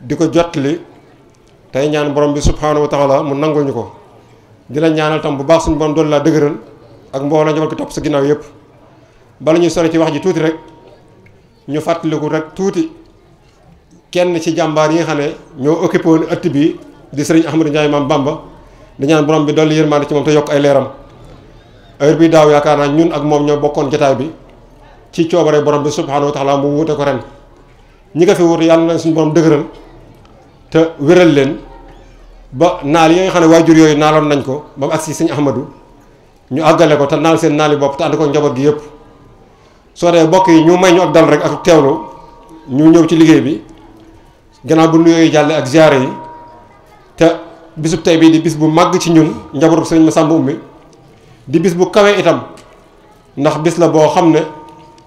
diko ko tay ñaan borom bi subhanahu wa taala mu nangul ñuko dila ñaanal tam bu baax suñu borom doon la dëgëral ak mbolo ñu ko top sa ginaaw yépp ba lañu sori ci wax ji tuuti rek ñu fàttaliku rek tuuti kenn ci jambar yi nga ñoo occupé won att bi di serigne Ahmadou Ndiaye mam Bamba di ñaan borom bi dool yermane ci mom te yok ay leeram heure bi daaw yaakaar ñun ak mom ñoo bokkon jotaay bi ci coobare borom bi subhanahu wa taala mu wuté ko ren ñi nga fi wut yàlla na suñu borom dëgëral te wéral leen ba naal yi nga xam ne waajur yooyu naaloon nañ ko ba mu agsi sëñ Ahmadou ñu àggale ko te naal seen naali bopp te ànd ko njaboot gi yëpp soo dee bokk yi ñu may ñu ak dal rek ak teewlu ñu ñëw ci liggéey bi gannaaw bu nuyoo yi jàlle ak ziyaare yi te bisub tey bii di bis bu màgg ci ñun njabootu sëñ Massamba Oumy di bis bu kawe itam ndax bis la boo xam ne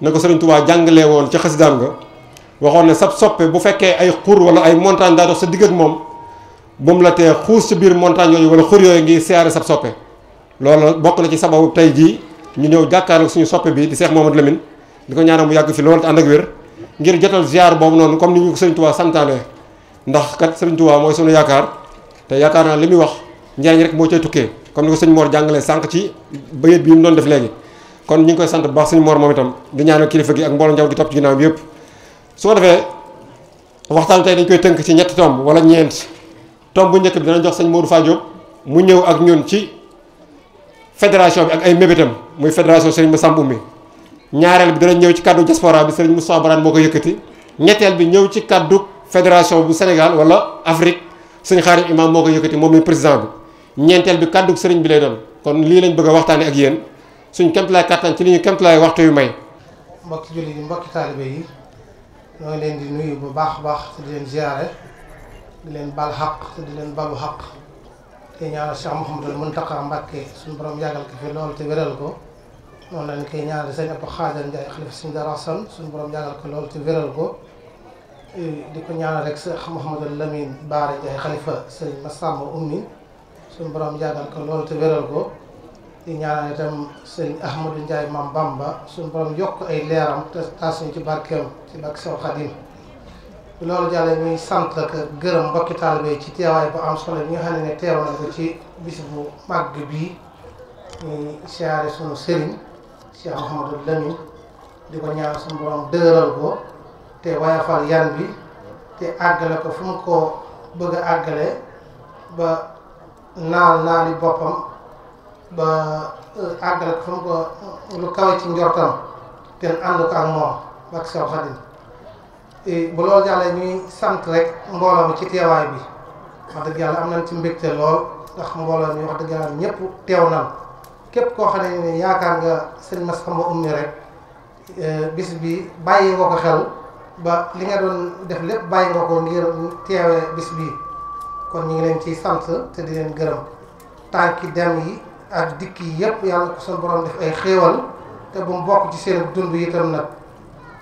na ko sëriñ Tuubaa jàngalee woon ci xasidaam nga waxoon ne sab soppe bu fekkee ay xur wala ay montagne daa sa digg ak moom bu mu la tee xuus ci biir montagne yooyu wala xur yooyu ngi siyaare sab soppe loolu bokk na ci sababu tey jii ñu ñëw jàkkaarloog suñu soppe bi di Cheikh Mamadou Lamine di ko ñaanal mu yàgg fi loolu te ànd ak wér ngir jotal ziar boobu noonu comme ni ñu ko Serigne Touba santaane ndax kat Serigne Touba mooy sunu yaakaar te yaakaar naa li muy wax njariñ rek moo cay tukkee comme ni ko sëñ Mor sànq ci bayit bi mu doon def léegi kon ñu ngi koy sant bu baax sëñ Mor moom itam di ñaanal kilifa gi ak mbooloo njaw gi topp ci ginnaaw bi yëpp su ko defee waxtaan tey dañ koy tënk ci ñetti tomb wala ñeent tomb bu njëkk bi dana jox sëñ Modou Fadio mu ñëw ak ñun ci fédération bi ak ay mébétam muy fédération Serigne Massamba mi ñaareel bi dana ñëw ci kaddu diaspora bi Serigne Moustapha Barane moo ko yëkkati ñetteel bi ñëw ci kàddu fédération bu senegal wala Afrique sëñ Xaarim Imam moo ko yëkkati moom muy président bi ñeenteel bi kaddu sëriñ bi lay doon kon lii lañ bëgg a waxtaanee ak yéen suñ kéemtalaay kattan ci li ñu kéemtalaay waxtu yu may. mbokki jullit yi mbokki taalibe نوي لين دي نوي بو باخ باخ تي دي لين زياره دي لين بال حق تي دي لين بال حق تي نيا الشيخ محمد المنتقى مباكي سون بروم ياغال كي في لول تي ويرال كو نون لين كي نيا سيغ ابو خادر جاي خليفه سين دار حسن سون بروم ياغال كو لول تي ويرال كو ديكو نيا رك شيخ محمد اللمين بار جاي خليفه سين مسامو امي سون بروم ياغال كو لول تي ويرال di ñaanal itam sëñ Ahmadou Ndiaye Mam Bamba suñu borom yokk ay leeram te taas ñu ci barkeem ci barke Seex Xadim loolu jàll ñuy sant ak gërëm mbokki taalibe ci teewaay bu am solo bi nga xam ne ne teew na ci bis bu bii ñuy siyaare suñu sëriñ Cheikh Mouhamadou Lamine di ko ñaan suñu borom dëgëral ko te wayafal yan bi te àggale ko fu mu ko bëgg a àggale ba naal naali boppam ba e, àggal ko fa ko lu kawe ci njortam te ànd ko ak moom ak Seex Xaadim e, bu loolu jàllee ñuy sant rek mbooloo ci teewaay bi wax dëgg yàlla am nañ ci mbégte lool ndax mbooloo mi wax dëgg yàlla ñëpp teew nañ képp koo xam ne ni yaakaar nga sëñ Mass Xamba Oumy rek e, bis bi bàyyi nga ko xel ba li nga doon def lépp bàyyi nga ko ngir teewee bis bii kon ñu ngi leen ci sant te di leen gërëm tànki dem yi ak dikk yi yëpp yàlla ko suñu borom def ay xéewal te bu mu bokk ci seen dund itam nag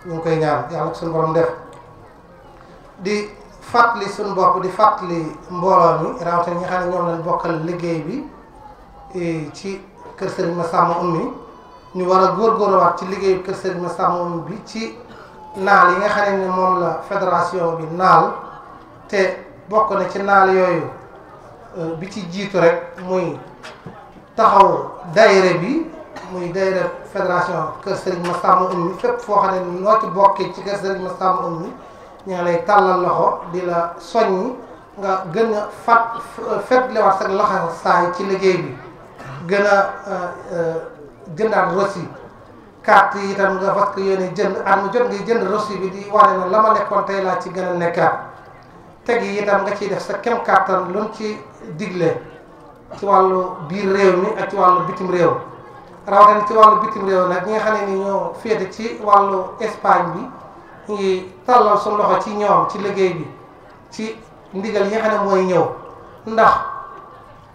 ñu ngi koy ñaan yàlla ko suñu borom def di fàttali suñu bopp di fàttali mbooloo mi rawatina ñi nga xam ne ñoom bokkal liggéey bi e, ci kër Serigne Massamba ñu war a góorgóorluwaat ci liggéeyu kër Serigne bi ci naal yi nga xam moom la fédération bi naal te bokk na ci naal yooyu e, bi ci jiitu rek muy. taxaw daayira bi muy daayira fédération Kër Serigne Massamba Oumy fépp foo xam ne noo ci bokkee ci Kër Serigne Massamba Oumy ñu ngi lay tàllal loxo di la soññi nga gën a fat fetliwaat sa loxo saay ci liggéey bi gën a euh, euh, jëndaat rosi carte yi itam nga fas yéene jënd at mu jot ngay jënd rosi bi di wane na la ma nekkoon tey laa ci gën a nekkaat teg yi itam nga ciy def sa kem kàttan lu mu ci digle ci wàllu biir réew mi ak ci wàllu bitim réew rawatina ci wàllu bitim réew nag ñi nga xam ne ni ñoo féete ci wàllu Espagne bi ñu ngi tàllal suñu loxo ci ñoom ci liggéey bi ci ndigal yi xam ne mooy ñëw ndax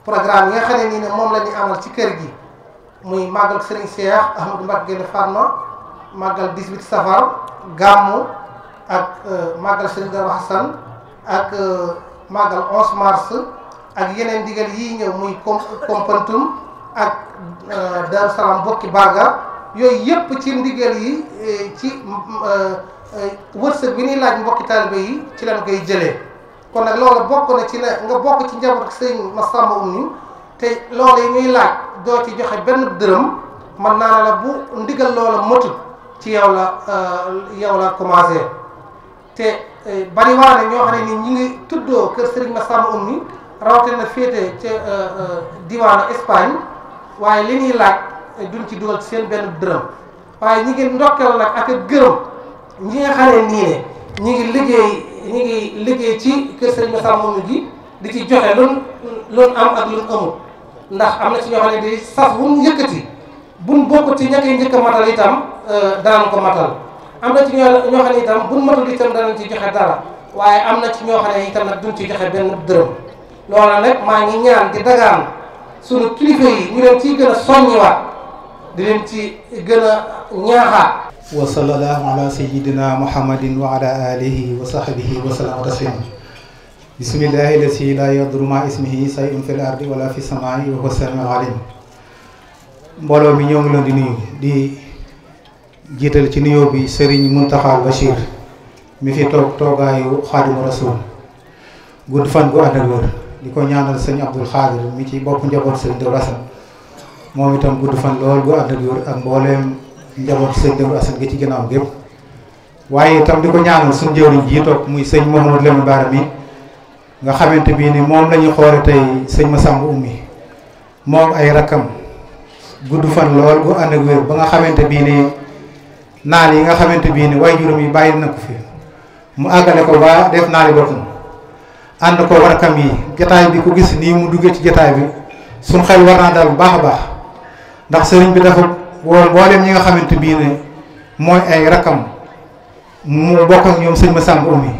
programme yi nga xam ne nii ne moom la ñuy amal ci kër gi muy màggal Serigne Cheikh Ahmadou Mbacké Gaïndé Fatma màggal 18 safar gàmmu ak euh, màggal Serigne Darou ak euh, màggal mars. ak yeneen digal yii ñëw muy com Kompantum ak euh, Darou Salaam bokki Barga yooyu yépp ci ndigal yi euh, ci euh, wërsëg bi ñuy laaj mbokki taalibe yi ci lañ koy jëlee kon nag loolu bokk na ci la nga bokk ci njaboot sëñ Massamba ni te loolu yi ñuy laaj doo ci joxe benn dërëm mën naa la bu ndigal loola motul ci yow la yow la commencé te bari waa ne ñoo xam ne ni ñi ngi tuddoo kër sëriñ Massamba Oumy na féete ca euh, euh, diwaanu Espagne waaye li ñuy laaj duñ ci dugal seen benn dërëm waaye ñi ngi ndokkeel nag ak gërëm ñi nga xam ne nii ne ñi ngi liggéey ñi ngi liggéey ci kër sëriñ Massa Mourou gi di ci joxe luñ luñ am ak luñ amul ndax am na ci ñoo xam ne di sas buñ yëkkati buñ bokk ci ña koy njëkk matal itam euh, danañ ko matal am na ci ñoo ñoo xam ne itam buñ matal itam danañ ci joxe dara waaye am na ci ñoo xam ne itam nag duñ ci joxe benn dërëm. loola nag maa ngi ñaan di dagaan sunu kilifa yi ñu leen ciy gën a soññiwaat di leen ci gën a ñaaxaat wa sallallahu ala sayyidina muhammadin wa ala alihi wa sahbihi wa sallam mi di nuyu di ci bi Serigne Mountakha Bachir mi fi toog toogaayu rasul gudd fan gu ànd di ko ñaanal sëñ Abdul Xaadir mi ci bopp njaboot sëñ Dawru moom itam gudd fan lool gu ànd ak wér ak mbooleem njaboot sëñ Dawru gi ci ginnaaw gépp waaye itam di ko ñaanal suñ jëwriñ ji topp muy sëñ Mouhamadou Lamine Bara mi nga xamante bii ni moom lañuy ñuy xoole tey sëñ Massamba Oumy moom ay rakkam gudd fan lool gu ànd ak wér ba nga xamante bii ni naan yi nga xamante bii ni waaye juróom yi bàyyi na ko fi mu àggale ko ba def naali boppam ànd ko warkam yi jataay bi ku gis nii mu duggee ci jataay bi suñ xel war naa dal bu baax a baax ndax sëriñ bi dafa woon mboolem ñi nga xamante bii ne ay rakkam mu bokk sëñ ma sàmb umi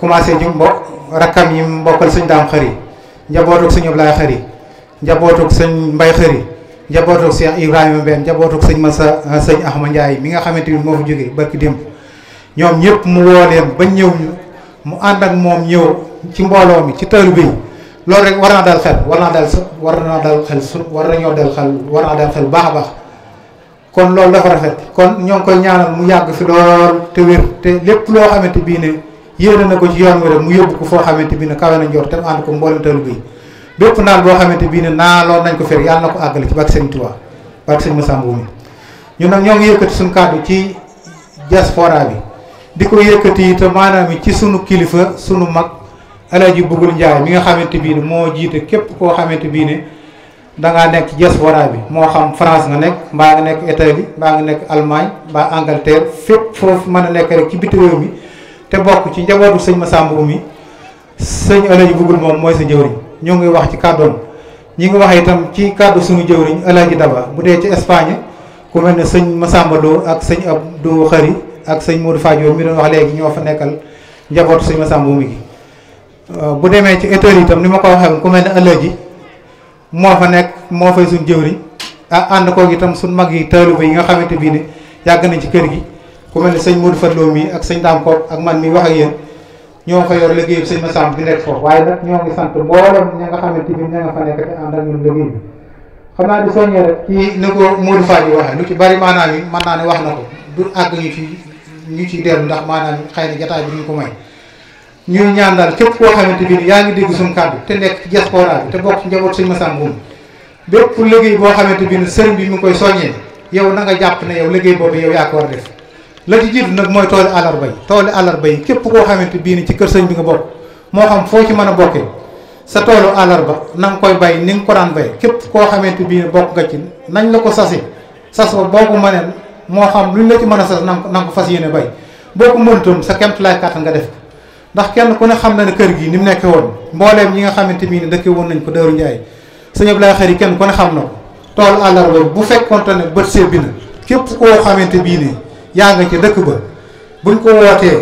commencé ñu mbokk rakkam yi sëñ daam xëri sëñ Ablaay xëri njabootuk sëñ mbay xëri njabootuk Cheikh Ibrahima Mbène sëñ ma sa sëñ Axma Ndiaye mi nga xamante bi moo fa jógee barki démb ñoom ñëpp mu woo leen ba ñëw mu ànd ak moom ñëw ci mbooloo mi ci taalibe yi loolu rek war naa dal xel war naa dal war naa dal xel su war nañoo dal xel war naa dal xel baax a baax kon loolu dafa rafet kon ñoo ngi koy ñaanal mu yàgg fi lool te wér te lépp loo xamante bii ne yéen na ko ci yoon wi rek mu yóbbu ko foo xamante bii ne kawe na te mu ànd ko mboolem taalibe yi bépp naal boo xamante bii ne naa loolu nañ ko fer yàlla na ko àggale ci barke Sëñ Tuubaa barke Sëñ Masamba mi ñun nag ñoo ngi yëkkati suñu ci diaspora bi di ko yëkkati itam ci sunu kilifa sunu mag Alaaji Bugul Njaay mi nga xamante bii ne moo jiite képp koo xamante bii ne dangaa nekk diaspora bi moo xam France nga nekk mbaa nga nekk Italie mbaa nga nekk Allemagne mbaa Angleterre fépp foofu mën a nekk rek ci biti réew te bokk ci njabootu sëñ Massamba Oumy sëñ Alaaji Bugul moom mooy sa jëwriñ ñoo ngi wax ci kàddoom ñi ngi wax itam ci kàddu suñu jëwriñ Alaaji Daba bu dee ci Espagne ku mel ne sëñ Massamba doo ak sëñ ak sëñ Modou Fadio mi doon wax léegi ñoo fa nekkal njabootu sëñ Massamba Oumy gi Euh, bu demee ci autorité itam ni ma ko waxee ku mel ne ëllëg moo fa nekk moo fay suñ jëwriñ ah ànd koog itam suñ mag yi taalibe yi nga xamante bii ne yàgg nañ ci kër gi ku ne sëñ Modou Fallou mii ak sëñ Dame Kopp man mi wax ak yéen ñoo fa yor liggéey bi sëñ Massamba bi waaye ñoo ngi sant mboolem ña nga fa nekk te ànd ak ñun liggéey bi xam naa di soññee rek ci ni ko Modou Fall yi waxee lu ci bari maanaam yi mën naa ne wax na ko du àgg ñu ci ñu ciy dellu ndax maanaam xëy na jataay bi ñu ko may ñuy ñaan daal képp koo xamante bi ni yaa ngi dégg suñu kàddu te nekk ci diaspora bi te bokk ci njaboot suñu masaan boobu bépp liggéey boo xamante bi ni sëriñ bi mi ngi koy soññee yow na nga jàpp ne yow liggéey boobu yow yaa ko war a def la ci jiitu nag mooy tooli àllarba yi tooli àllarba képp koo xamante bii ni ci kër sëñ bi nga bokk moo xam foo ci mën a bokkee sa toolu àllarba na nga koy bay ni nga ko daan bay képp koo xamante bii ni bokk nga ci nañ la ko sasi sas ba boo ko mënee moo xam lu ñu la ci mën a sas na nga ko fas yéene bay boo ko mënutam sa kemt laay kàttan nga def ndax kenn ku ne xam na ne kër gi ni mu nekkee woon mbooleem ñi nga xamante bii ne dëkke woon nañ ko Daaru Njaay sëñ Abdoulaye Khary kenn ku xam na toolu àllarba bu fekkoonte ne bët see bi képp koo xamante bii ne yaa nga ca dëkk ba buñ ko wootee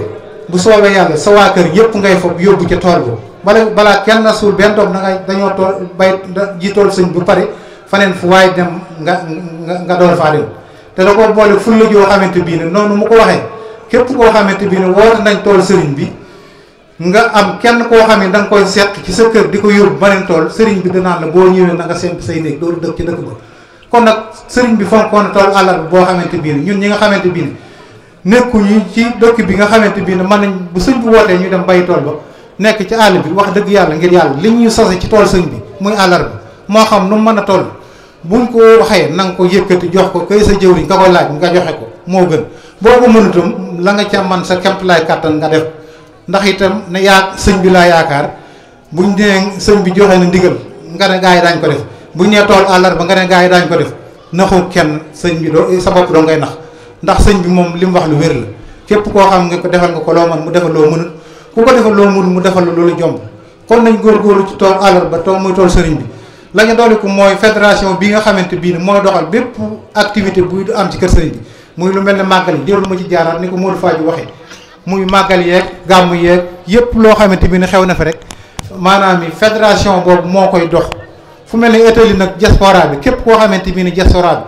bu soobee yàlla sa waa kër yëpp ngay fob yóbbu ca tool ba bala balaa kenn na suul benn doom da dañoo tool bay ji tool sëñ bu pare faneen fu waay dem nga nga doon faa dem te da koo boole fulla joo xamante bii ne noonu mu ko waxee képp koo xamante bii ne woote nañ tool sëriñ bi nga am kenn koo xam ne da nga koy seet ci sa kër di ko yóbbu beneen tool sëriñ bi dinaan la boo ñëwee na nga semp say néeg dooru dëkk ci dëkk ba kon nag sëriñ bi fonkoon tool àllarba boo xamante bii ne ñun ñi nga xamante bii ne nekkuñu ci dëkk bi nga xamante bii ne mën nañ bu sëñ bu wootee ñu dem bay tool ba nekk ci àll bi wax dëgg yàlla ngir yàlla li ñu sase ci tool sëñ bi muy àllarba moo xam nu mu mën a toll buñ ko waxee na nga ko yëkkati jox ko kay sa jëwriñ nga koy laaj nga joxe ko moo gën boo ko mënutam la nga ca man sa kemp kàttan nga def ndax itam na yaak sëñ bi laa yaakaar buñ ne sëñ bi joxe na ndigal nga ne gaay dañ ko def buñ nee tool ba nga ne gaay dañ ko def naxu kenn sëñ bi do sa bopp do ngay nax ndax sëñ bi moom lim wax lu wér la képp koo xam nga ko defal nga ko loo man mu defal loo mënul ku ko defal loo mënul mu defal la loolu jomb kon nañ góorgóorlu ci tool ba tool muy tool sëriñ bi la ñu dooliku mooy fédération bi nga xamante bii ne mooy doxal bépp activité buy am ci kër sëriñ bi muy lu mel ne màggal yi ma ci jaaraat ni ko Modou Fadji waxee muy màggal yeeg gàmm yeeg yëpp loo xamante bii ne xew na fi rek maanaam i fédération boobu moo koy dox fu mel ne Italie nag diaspora bi képp koo xamante bii ne diaspora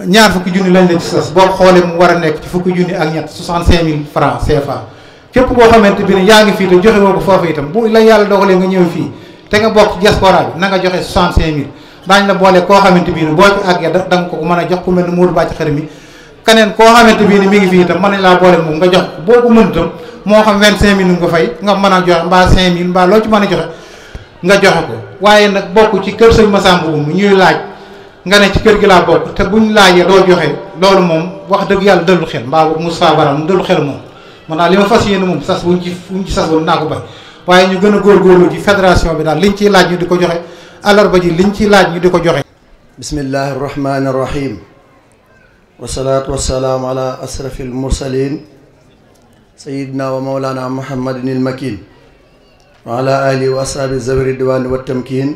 bi ñaar fukki junni lañ leen boo xoolee mu war a nekk fukki junni ak ñett 65000 francs CFA képp koo xamante bi yaa ngi fii te joxe woo ko foofu itam bu la yàlla dogalee nga ñëw fii te nga bokk ci diaspora bi na nga joxe 65000 daañu la boole koo xamante bi ne boo ci àggee da nga ko mën a jox ku mel ne Mourou Bàcc xër mi keneen koo xamante bii ni mi ngi fii itam man nañ laa boole moom nga jox boo ko mën itam moo xam vingt cinq mille nga fay nga mën a joxe mbaa cinq mille mbaa loo ci mën a joxe nga joxe ko waaye nag bokk ci kër sëñ Massamba mu ñuy laaj nga ne ci kër gi laa bokk te laaj laajee doo joxe loolu moom wax dëgg yàlla dëllu xel mbaa Moussa Baram dëllu xel moom man daal li ma fas yéene moom sas buñ ci buñ ci sas woon naa ko bay waaye ñu gën a góorgóorlu ci fédération bi daal liñ ciy laaj ñu di ko joxe alarba ji liñ ciy laaj ñu di ko joxe bismillahi rahmaani rahim والصلاة والسلام على أسرف المرسلين سيدنا ومولانا محمد المكين وعلى آله وأصحاب الزبر الدوان والتمكين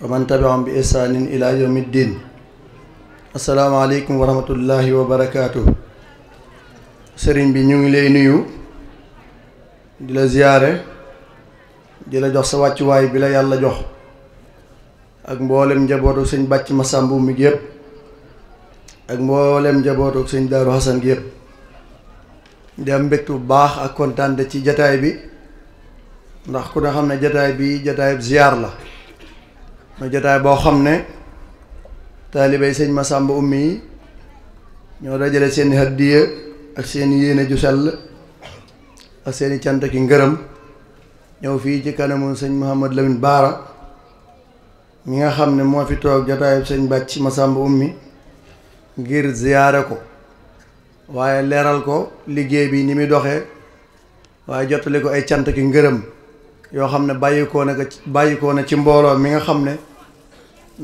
ومن تبعهم بإحسان إلى يوم الدين السلام عليكم ورحمة الله وبركاته سرين bi ñu ngi نيو nuyu زيارة la ziyaare di la jox sa wàccuwaay bi la yàlla jox ak mboolem njabootu sëñ ak mboolem njabootu ak sëñ Daaru Xasan gi yëpp di bu baax ak kontaan ci jataay bi ndax ku ne xam ne jataay bi jataayub ziyaar la mooy jataay boo xam ne taalibey sëñ Masamba ummi yi ñoo dajale seeni haddiya ak seeni yéene ju sell ak seeni cant ki ngërëm ñëw fii ci kanamu sëñ Mouhamad Lamine Baara mi nga xam ne moo fi toog jataayub sëñ Bàcc Masamba ummi ngir ziyaare ko waaye leeral ko liggéey bi ni muy doxe waaye jottali ko ay cant ki ngërëm yoo xam ne bàyyikoo na bàyyikoo na ci mbooloo mi nga xam ne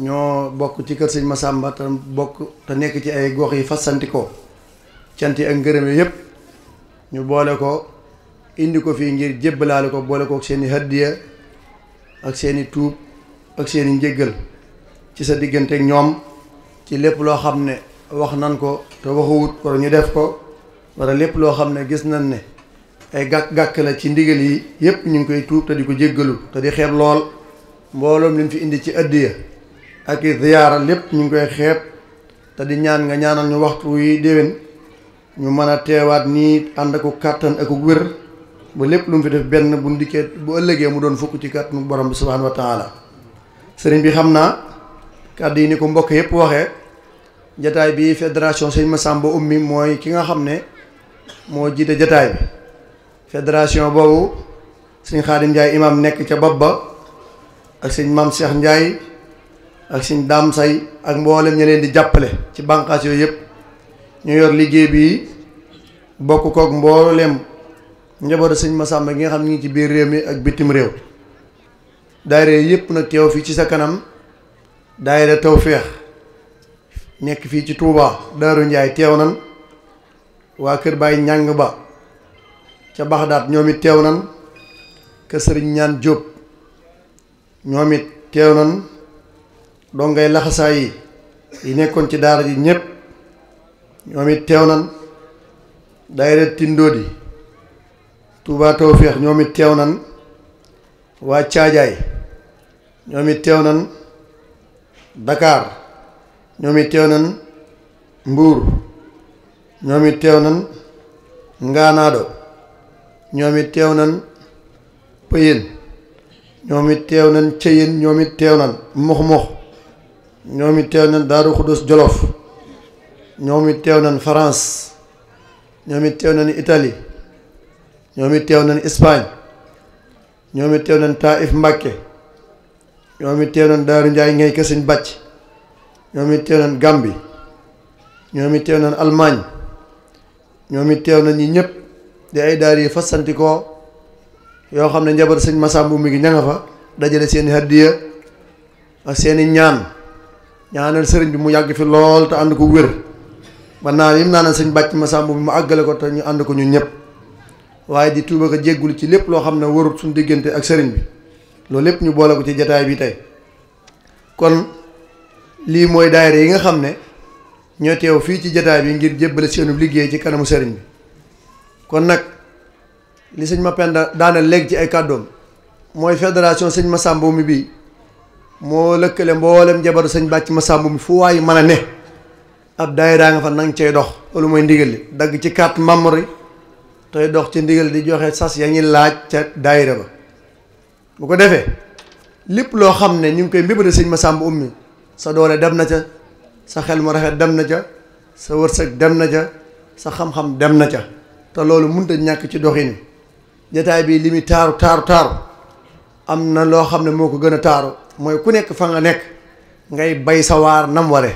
ñoo bokk ci kër sëñ Massamba te bokk te nekk ci ay gox yi fasanti ko cant yi ak ngërëm yi yëpp ñu boole ko indi ko fii ngir jébbalaale ko boole ko ak seen i ak seeni i tuub ak seen njëggal ci sa diggante ak ñoom ci lépp loo xam ne wax nan ko te waxuwut wala ñu def ko a lépp loo xam ne gis nañ ne ay gàkk-gàkk la ci ndigal yi yépp ñu ngi koy tuub te di ko jéggalu te di xeeb lool mbooloom liñ fi indi ci addiya ak i ziyaara lépp ñu ngi koy xeeb te di ñaan nga ñaanal ñu waxtu yi déwén ñu mën a teewaat nii ànd aku kàttan aku wér ba lépp lu mu fi def benn bu ndikkee bu ëllëgee mu doon fukk ci kàttanu borom bi subhanahu wa taala sëriñ bi xam naa kàdd yi ni ko mbokk yépp waxee jataay bii fédération sëñ Massamba Oumy mooy ki nga xam ne moo jiite jataay bi fédération boobu sëñ Xaadim Njaay imam nekk ca bopp ba ak sëñ Maam Cheikh Njaay ak sëñ Daam Say ak mboolem ñu leen di jàppale ci bànqaas yooyu yëpp ñu yor liggéey bi bokk koog mboolem njabootu sëñ Massamba ki nga xam ne ñu ngi ci biir réew mi ak bitim réew daayira yëpp nag teew fii ci sa kanam daayira Tawfeex nekk fii ci tuubaa Daaru Njaay teew nan waa kër Baay Ñàng ba ca Baxdaat ñoom teew nan kër ñaan Jóob ñoom teew nan dongay laxasaay yi nekkoon ci daara ji ñépp ñoom it teew nan daayira Tindóodi Touba Tawféex ñoom it teew nan waa Caajaay ñoom it teew nan Dakar ñoom it teew nan mbuur ñoom it teew nan ngaanaado ñoom it teew nan pëyin ñoom it teew nan cëyin ñoom it teew nan mox-mox ñoom it teew nan daaru xudus jolof ñoom it teew nan France ñoom it teew nan itali ñoom it teew nan Espagne ñoom it teew nan Taif Mbàkke ñoom it teew nan daaru njaay ngay kasin bàcc ñoom it teew nañ Gàmbi ñoom it teew nañ Allemagne ñoom it teew nañ ñi ñëpp di ay daar yi fasanti yoo xam ne njabar sëñ Massamba mi ngi ña nga fa dajale seeni haddiya ak seeni ñaan ñaanal sëriñ bi mu yàgg fi lool te ànd ko wér ba naa yim naanal sëñ bàcc Massamba bi mu àggale ko te ñu ànd ko ñun ñëpp waaye di tuuba ko jéggul ci lépp loo xam ne warut suñ diggante ak sëriñ bi loolu lépp ñu boole ko ci jataay bi tey kon lii mooy daayira yi nga xam ne ñoo teew fii ci jataay bi ngir jébbale seenu liggéey ci kanamu sëriñ bi kon nag li sëñ Mapenda daana léegi ci ay kàddoom mooy fédération sëñ Massamba mi bii moo lëkkale mboolem jabaru sëñ bàcc Massamba mi fu waay mën a ne ab daayira nga fa nang cay dox lu mooy ndigal dagg ci carte membre yi tey dox ci ndigal di joxe sas ya ñuy laaj ca daayira ba bu ko defee lépp loo xam ne ñu ngi koy mbébale sëñ Massamba ummi sa doole dem na ca sa xel mu rafet dem na ca sa wërsëg dem na ca sa xam-xam dem na ca te loolu mënta ñàkk ci doxin jataay bii li muy taaru taaru taaru am na loo xam ne moo ko gën a taaru mooy ku nekk fa nga nekk ngay bay sa waar nam ware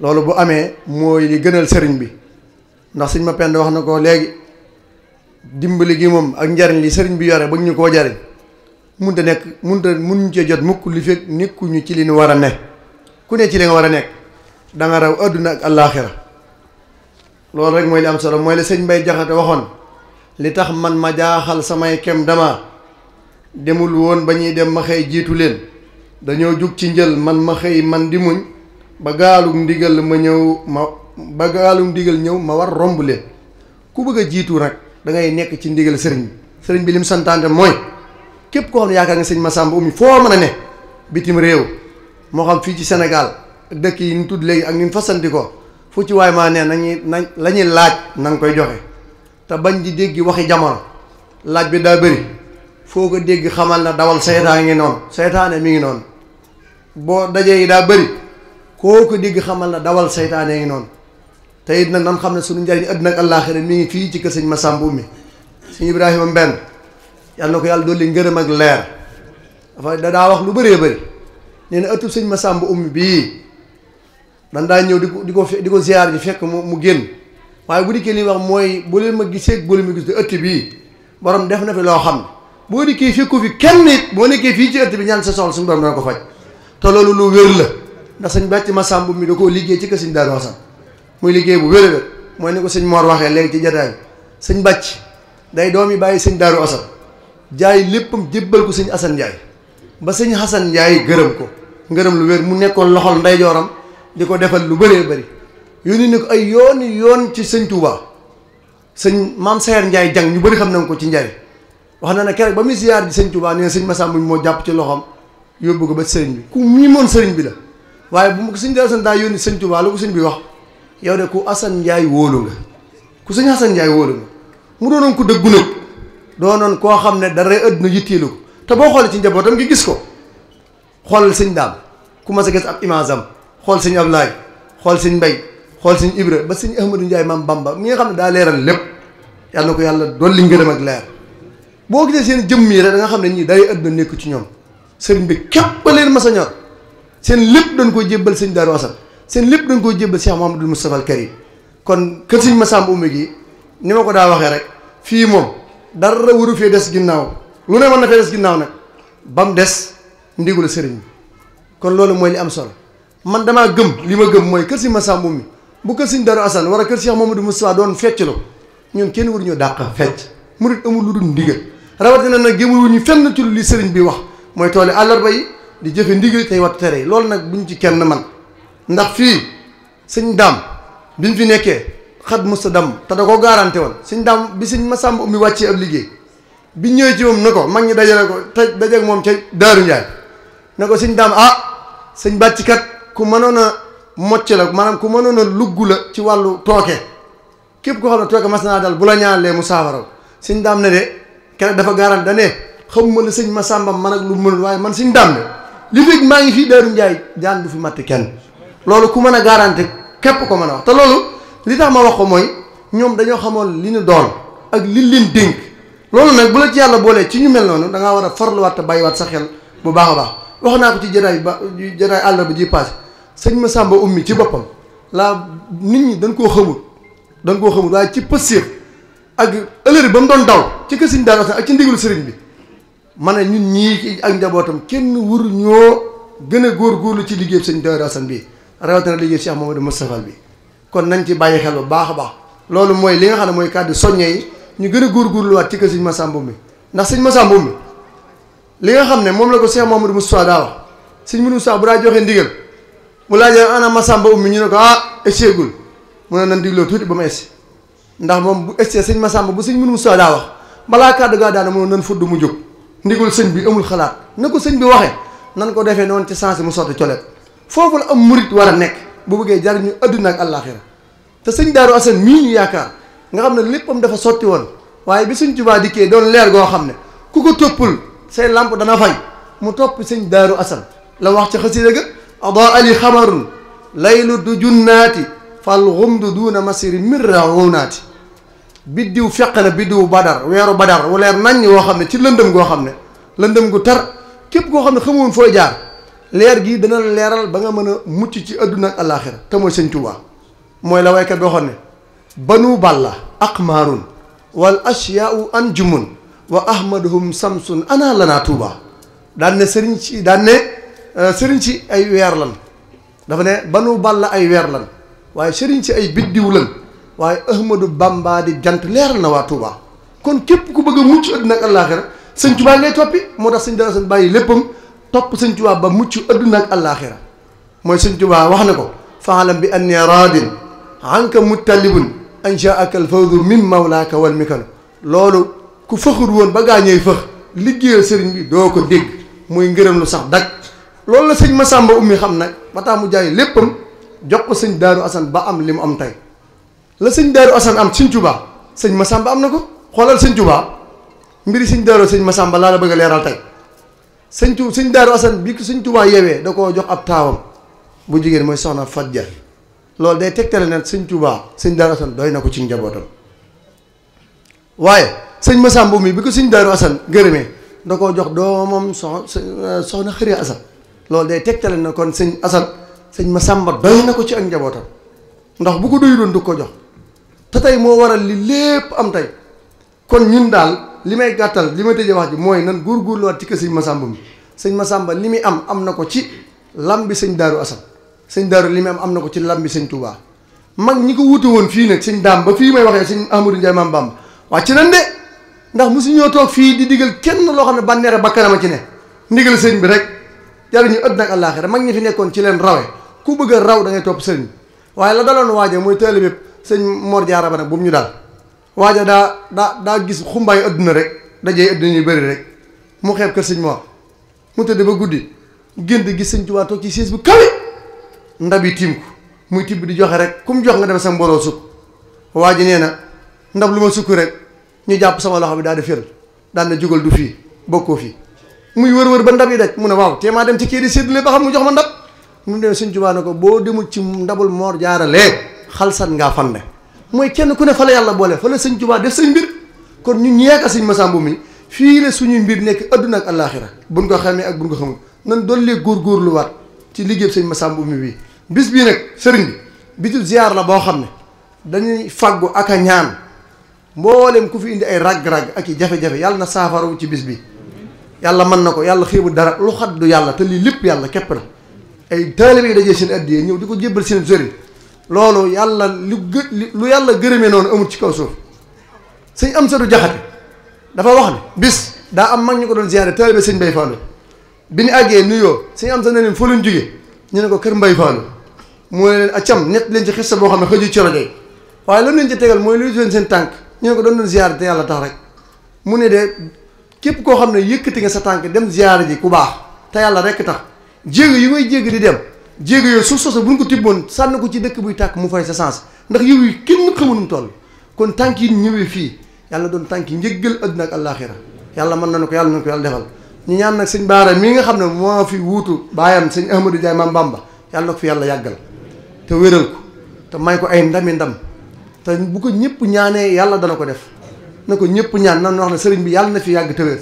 loolu bu amee mooy li gënal sëriñ bi ndax suñ ma pend wax na ko léegi dimbali gi moom ak njariñ li sëriñ bi yore ba ñu koo jariñ munta nekk munta mun ñu cee jot mukk li fekk nekkuñu ci li nu war a ne ku ne ci li nga wara nek da nga raw aduna ak alakhirah loolu rek moy li am solo moy le seigne Mbay jaxata waxon li tax man ma jaaxal samay kem dama demul won bañi dem ma xey jitu len dañu juk ci ndjel man ma xey man di muñ ba galu ndigal ma ñew ma ba galu ndigal ñew ma war rombu len ku bëgg jitu rek da ngay nek ci ndigal sëriñ bi lim santante moy kep ko nga seigne Masamba umi fo meuna ne bitim rew moo xam fii ci senegal dëkk yi ñu tudd léegi ak ñu fasanti ko fu ci waay maa ne nañuy nañ la ñuy laaj na nga koy joxe te bañ di dégg waxi jamono laaj bi daa bëri foo ko dégg xamal na dawal seytaan ngi noonu seytaane mi ngi noonu boo dajee yi daa bëri koo ko dégg xamal na dawal seytaane ngi noonu te it nag nan xam ne suñu njëriñ àddina ak mi ngi fii ci kër sëñ mi Oumy sëñ Ibrahima mbenn yàlla ko yàlla dolli ngërëm ak leer dafa da daa wax lu bëree bëri nee na ëttu sëñ Masamba ummi bii dan daa ñëw di ko di ko di ko ziar ji fekk mu mu génn waaye bu dikkee li wax mooy bu leen ma gisee bu leen ma gis di ëtt bii borom def na fi loo xam ne boo dikkee fekku fi boo nekkee fii ci ëtt bi ñaan sa soxla suñu borom dana ko faj te loolu lu wér la ndax sañ bàcc ma Masamba mi da koo liggéey ci kër sëñ Daaru Asan muy liggéey bu wér a wér mooy ni ko sëñ Mor waxee léegi ci jataay sëñ bàcc day doom yi bàyyi sëñ Daaru Asan jaay léppam jébbal ko sëñ Asan Njaay ba sëñ Xasan Njaay gërëm ko ngërëm lu wér mu nekkoon loxol ndeyjooram di ko defal lu bëree bëri yónni na ko ay yoon yoon ci sëñ Touba sëñ maam Sayer Njaay jàng ñu bëri xam nañ ko ci Njaay wax na ne keroog ba muy ziyaar ji sëñ ne sëñ na sëñ Masamba moo jàpp ci loxoom yóbbu ko ba sëriñ bi ku miimoon sëriñ bi la waaye bu ma ko sëñ Daaru Asan daa yoon sëñ Touba lu ko sëñ bi wax yow de ku Asan Njaay wóolu nga ku sëñ Asan Njaay wóolu nga mu ko dëggu nag doonoon koo xam ne dara ëdd na te boo xoolee ci njabootam ngi gis ko xoolal sëñ daam ku mas gis ab image am xool sëñ Ablaay xool sëñ Mbay xool sëñ Ibra ba sëñ Ahmadou Ndiaye maam Bamba mi nga xam ne daa leeral lépp yàlla ko yàlla dolli ngërëm ak leer boo gisee seen jëmm yi rek da nga xam ne ñii day àdduna nekk ci ñoom sëriñ bi képp ba leen mas ñor seen lépp dañ koo jébbal sëñ Daaru Asan seen lépp dañ koo jébbal Cheikh Mouhamadoul Moustapha al Karim kon kër sëñ Massamba Oumy gi ni ma ko daa waxee rek fii moom dara waru fee des ginnaaw lu ne mën na fee des ginnaaw nag ba mu des ndigalu sëriñ bi kon loolu mooy li am solo man damaa gëm li ma gëm mooy kër si Massamba mi bu kër si Darou Assane war a kër si Cheikh Mamadou Moustapha doon fecclu ñun kenn waruñoo dàq fecc murit amul lu dul ndigal rawatina nag gémawuñu fenn ci li sëriñ bi wax mooy toole àllarba yi di jëfe ndigal tey wattu tere loolu nag buñ ci kenn man ndax fii sëñ daam biñ fi nekkee xat musta dam te da ko garanté woon sëñ daam bi sëñ Massamba mi wàccee ab liggéey bi ñëwee ci moom ne ko mag ñi dajale ko te dajeeg moom ca Daaru Njaay ne ko sëñ daam ah sëñ bàcc kat ku mënoon a mocc la maanaam ku mënoon a lugg la ci wàllu tooke képp koo xam ne tooke mas naa dal bu la lee mu saafara sëñ daam ne de kenn dafa gaaral da ne xamuma la sëñ ma sàmbam man ak lu mënul waaye man siñ daam ne li léegi maa ngi fii Daaru Njaay jaan du fi matt kenn loolu ku mën a garanti képp ko mën a wax te loolu li tax ma wax ko mooy ñoom dañoo xamoon li doon ak li leen loolu nag bu la ci yàlla boolee ci ñu mel noonu da ngaa war a farluwaat bàyyiwaat sa xel bu baax a baax wax naa ko ci jataay ba jataay àll bi ji passé sëñ Massamba ummi ci boppam laa nit ñi dañ koo xamul dañ koo xamul waaye ci pësir ak ëllëri ba mu doon daw ci kër sëñ daal ak ci ndigalu sëriñ bi ma ne ñun ñii ak njabootam kenn wur ñoo gën a góor góorgóorlu ci liggéey sëñ Daaru Asan bi rawatina liggéey Cheikh Mamadou Moustapha bi kon nañ ci bàyyi xel bu baax a baax loolu mooy li nga xam ne mooy kàddu soññe yi ñu gëna gor gor lu wat ci kër sëñ Massamba mi ndax sëñ massa mi li nga xam mom la ko Cheikh Mamadou Moustapha daa wax sëñ Moudou Moustapha bu daa joxee ndigal mu laaje ana massa Massamba mi ñu ne ko ah essegul mu na ndiglo digloo tuuti ba mu essi ndax mom bu essee massa Massamba bu sëñ Moudou Moustapha daa wax ka daga gaa daana mo nañ fuddu mu jog ndigul sëñ bi amul xalaat nako ko bi waxe nan ko defé non ci sansi mu sotti ciolet fofu la am mourid wara nek bu bëggee jarñu aduna ak alakhirah te sëñ Daaru Asan mi ñu yaakaar nga xam ne léppam dafa sotti woon waaye bi sëñ Tuubaa dikkee doon leer goo xam ne ku ko tëppul say làmp dana fay mu topp sëñ Daaru Asan la wax ci xasida ga adaa ali xamarun laylu du junnaati fal xumdu duuna masiri mirrawunaati biddiw feq na biddiw badar weeru badar wu leer naññ woo xam ne ci lëndëm goo xam ne lëndëm gu tar képp koo xam ne xamoon foo jaar leer gi dana leeral ba nga mën a mucc ci àdduna ak àllaaxira te mooy sëñ Tuubaa mooy la waykat boo xam ne banu أقمار والأشياء أنجم وأحمدهم سمس أنا لنا توبة daan ne sëriñ ci daan ne sëriñ ci ay weer lan dafa ne banu balla ay weer lan waaye sëriñ ci ay biddiw lan waaye Ahmadou Bamba di jant leeral na waa Touba kon képp ku bëgg a mucc àdduna ak àllaaxira sëñ Touba ngay toppi moo tax sëñ dara sëñ bàyyi léppam topp sëñ Touba ba mucc àdduna ak àllaaxira mooy sëñ Touba wax na ko faalam bi anni raadin anka muttalibun an jaaka al fawdu min mawlaaka wal loolu ku fëxut woon ba gaañooy fëx liggéeyal sëriñ bi doo ko dégg muy ngërëm lu sax dak loolu la sëñ Masamba ummi xam nag ba tax mu jaay léppam jox ko sëñ Daaru Asan ba am li mu am tey la sëñ Daaru Asan am sëñ Tuubaa sëñ Masamba am na ko xoolal sëñ Tuubaa mbiri sëñ Daaru sëñ Masamba laa la bëgg a leeral tey sëñ tu sëñ Daaru Asan bi sëñ Tuubaa yeewee da koo jox ab taawam bu jigéen mooy soxna Fajja loolu day tegtale ne sëñ Touba sëñ Darou Assane doy na ko ci njabootam waaye sëñ Massamba mi bi ko sëñ Darou Assane gërëmee da koo jox doomam soxna soxna Xëri Assane loolu day tegtale na kon sëñ Assane sëñ Massamba doy na ko ci ak njabootam ndax bu ko doyu doon du ko jox te tey moo waral li lépp am tey kon ñun daal li may gàttal li ma tëjee wax ji mooy nan góorgóorluwaat ci kër sëñ Massamba mi sëñ Massamba li muy am am na ko ci lam bi sëñ Darou Assane sëñ Darou li am am na ko ci lam bi sëñ Touba mag ñi ko wuute woon fii nag sëñ daam ba fii may waxee sëñ Amadou Ndiaye maam waa ci nañ de ndax mosu ñoo toog fii di digal kenn loo xam ne bànneera bakkanama ci ne ndigal sëñ bi rek jariñu ëdd nag àllaaxira mag ñi fi nekkoon ci leen rawe ku bëgg raw da ngay topp sëñ bi waaye la daloon waaja mooy taalibe sëñ Mor Diarra ba nag bu mu ñu daal waaja daa daa daa gis xumbaayu adduna rek dajee adduna bëri rek mu xeeb sëñ Mor mu tëdd ba guddi génn gis sëñ Tuubaa toog ci bu kawe ndabi tiim ko muy tibb di joxe rek comme jox nga dem sa mbooloo sukk waa ji nee na ndab lu ma sukk rek ñu jàpp sama loxo bi daal di fël daal na jugal du fii bokkoo fii muy wër-wër ba ndab yi daj mun ne waaw te maa dem ci kii di séddale xam mu jox ma ndab mu ne Sëñ Tuubaa ne ko boo demul ci ndabul moor jaaralee xalsan ngaa fande mooy kenn ku ne fa la yàlla boole fa la Sëñ Tuubaa def sëñ mbir kon ñun ñeeka sëñ Masamba mi fii la suñuy mbir nekk adduna ak àllaaxira buñ ko xamee ak buñ ko xamul nan doon lee góorgóorluwaat ci liggéeyam sëñ Masamba mi bii bis bii nag sëriñ bi bisu ziar la boo xam ne dañuy faggu ak a ñaan mboolem ku fi indi ay ragg-ragg ak yi jafe-jafe yàlla na saafarawu ci bis bi yàlla mën na ko yàlla xéebu dara lu xat du yàlla te lii lépp yàlla képp la ay taalibe yi dajee seen addiya ñëw di ko jébbal seen sëriñ loolu yàlla lu gë lu yàlla gërëme noonu amul ci kaw suuf sëñ am satu jaxate dafa wax ne bis daa am mag ñu ko doon ziare taalibe sëñ Mbay Fallu bi ñu àggee nuyoo sëñ am leen fa leen jóge ñu ne ko kër Mbay mu ne leen acam nett leen ci xista boo xam ne xëju ci rajo yi waaye loolu leen ci tegal mooy luy leen seen tànk ñu ne ko doon doon ziyaar te yàlla tax rek mu ne de képp koo xam ne yëkkati nga sa tànk dem ziyaar ji ku baax te yàlla rek tax jéego yi may jéego di dem jéeg yooyu suuf soosu bu ñu ko tibboon sànn ko ci dëkk buy tàkk mu fay sa sans ndax yow yi kenn xamul mu toll kon tànk yi ñëwee fii yàlla doon tànk yi njëggal àdduna ak àllaaxira yàlla mën nañu ko yàlla nañu ko yàlla defal ñu ñaan nag sëñ Baara mii nga xam ne moo fi wuutu baayam sëñ Ahmadou Ndiaye Maam Bamba yàlla ko fi yàlla yàggal te wéral ko te may ko ay ndami ndam te bu ko ñëpp ñaanee yàlla dana ko def na ko ñëpp ñaan nan wax ne sëriñ bi yàlla na fi yàgg te wér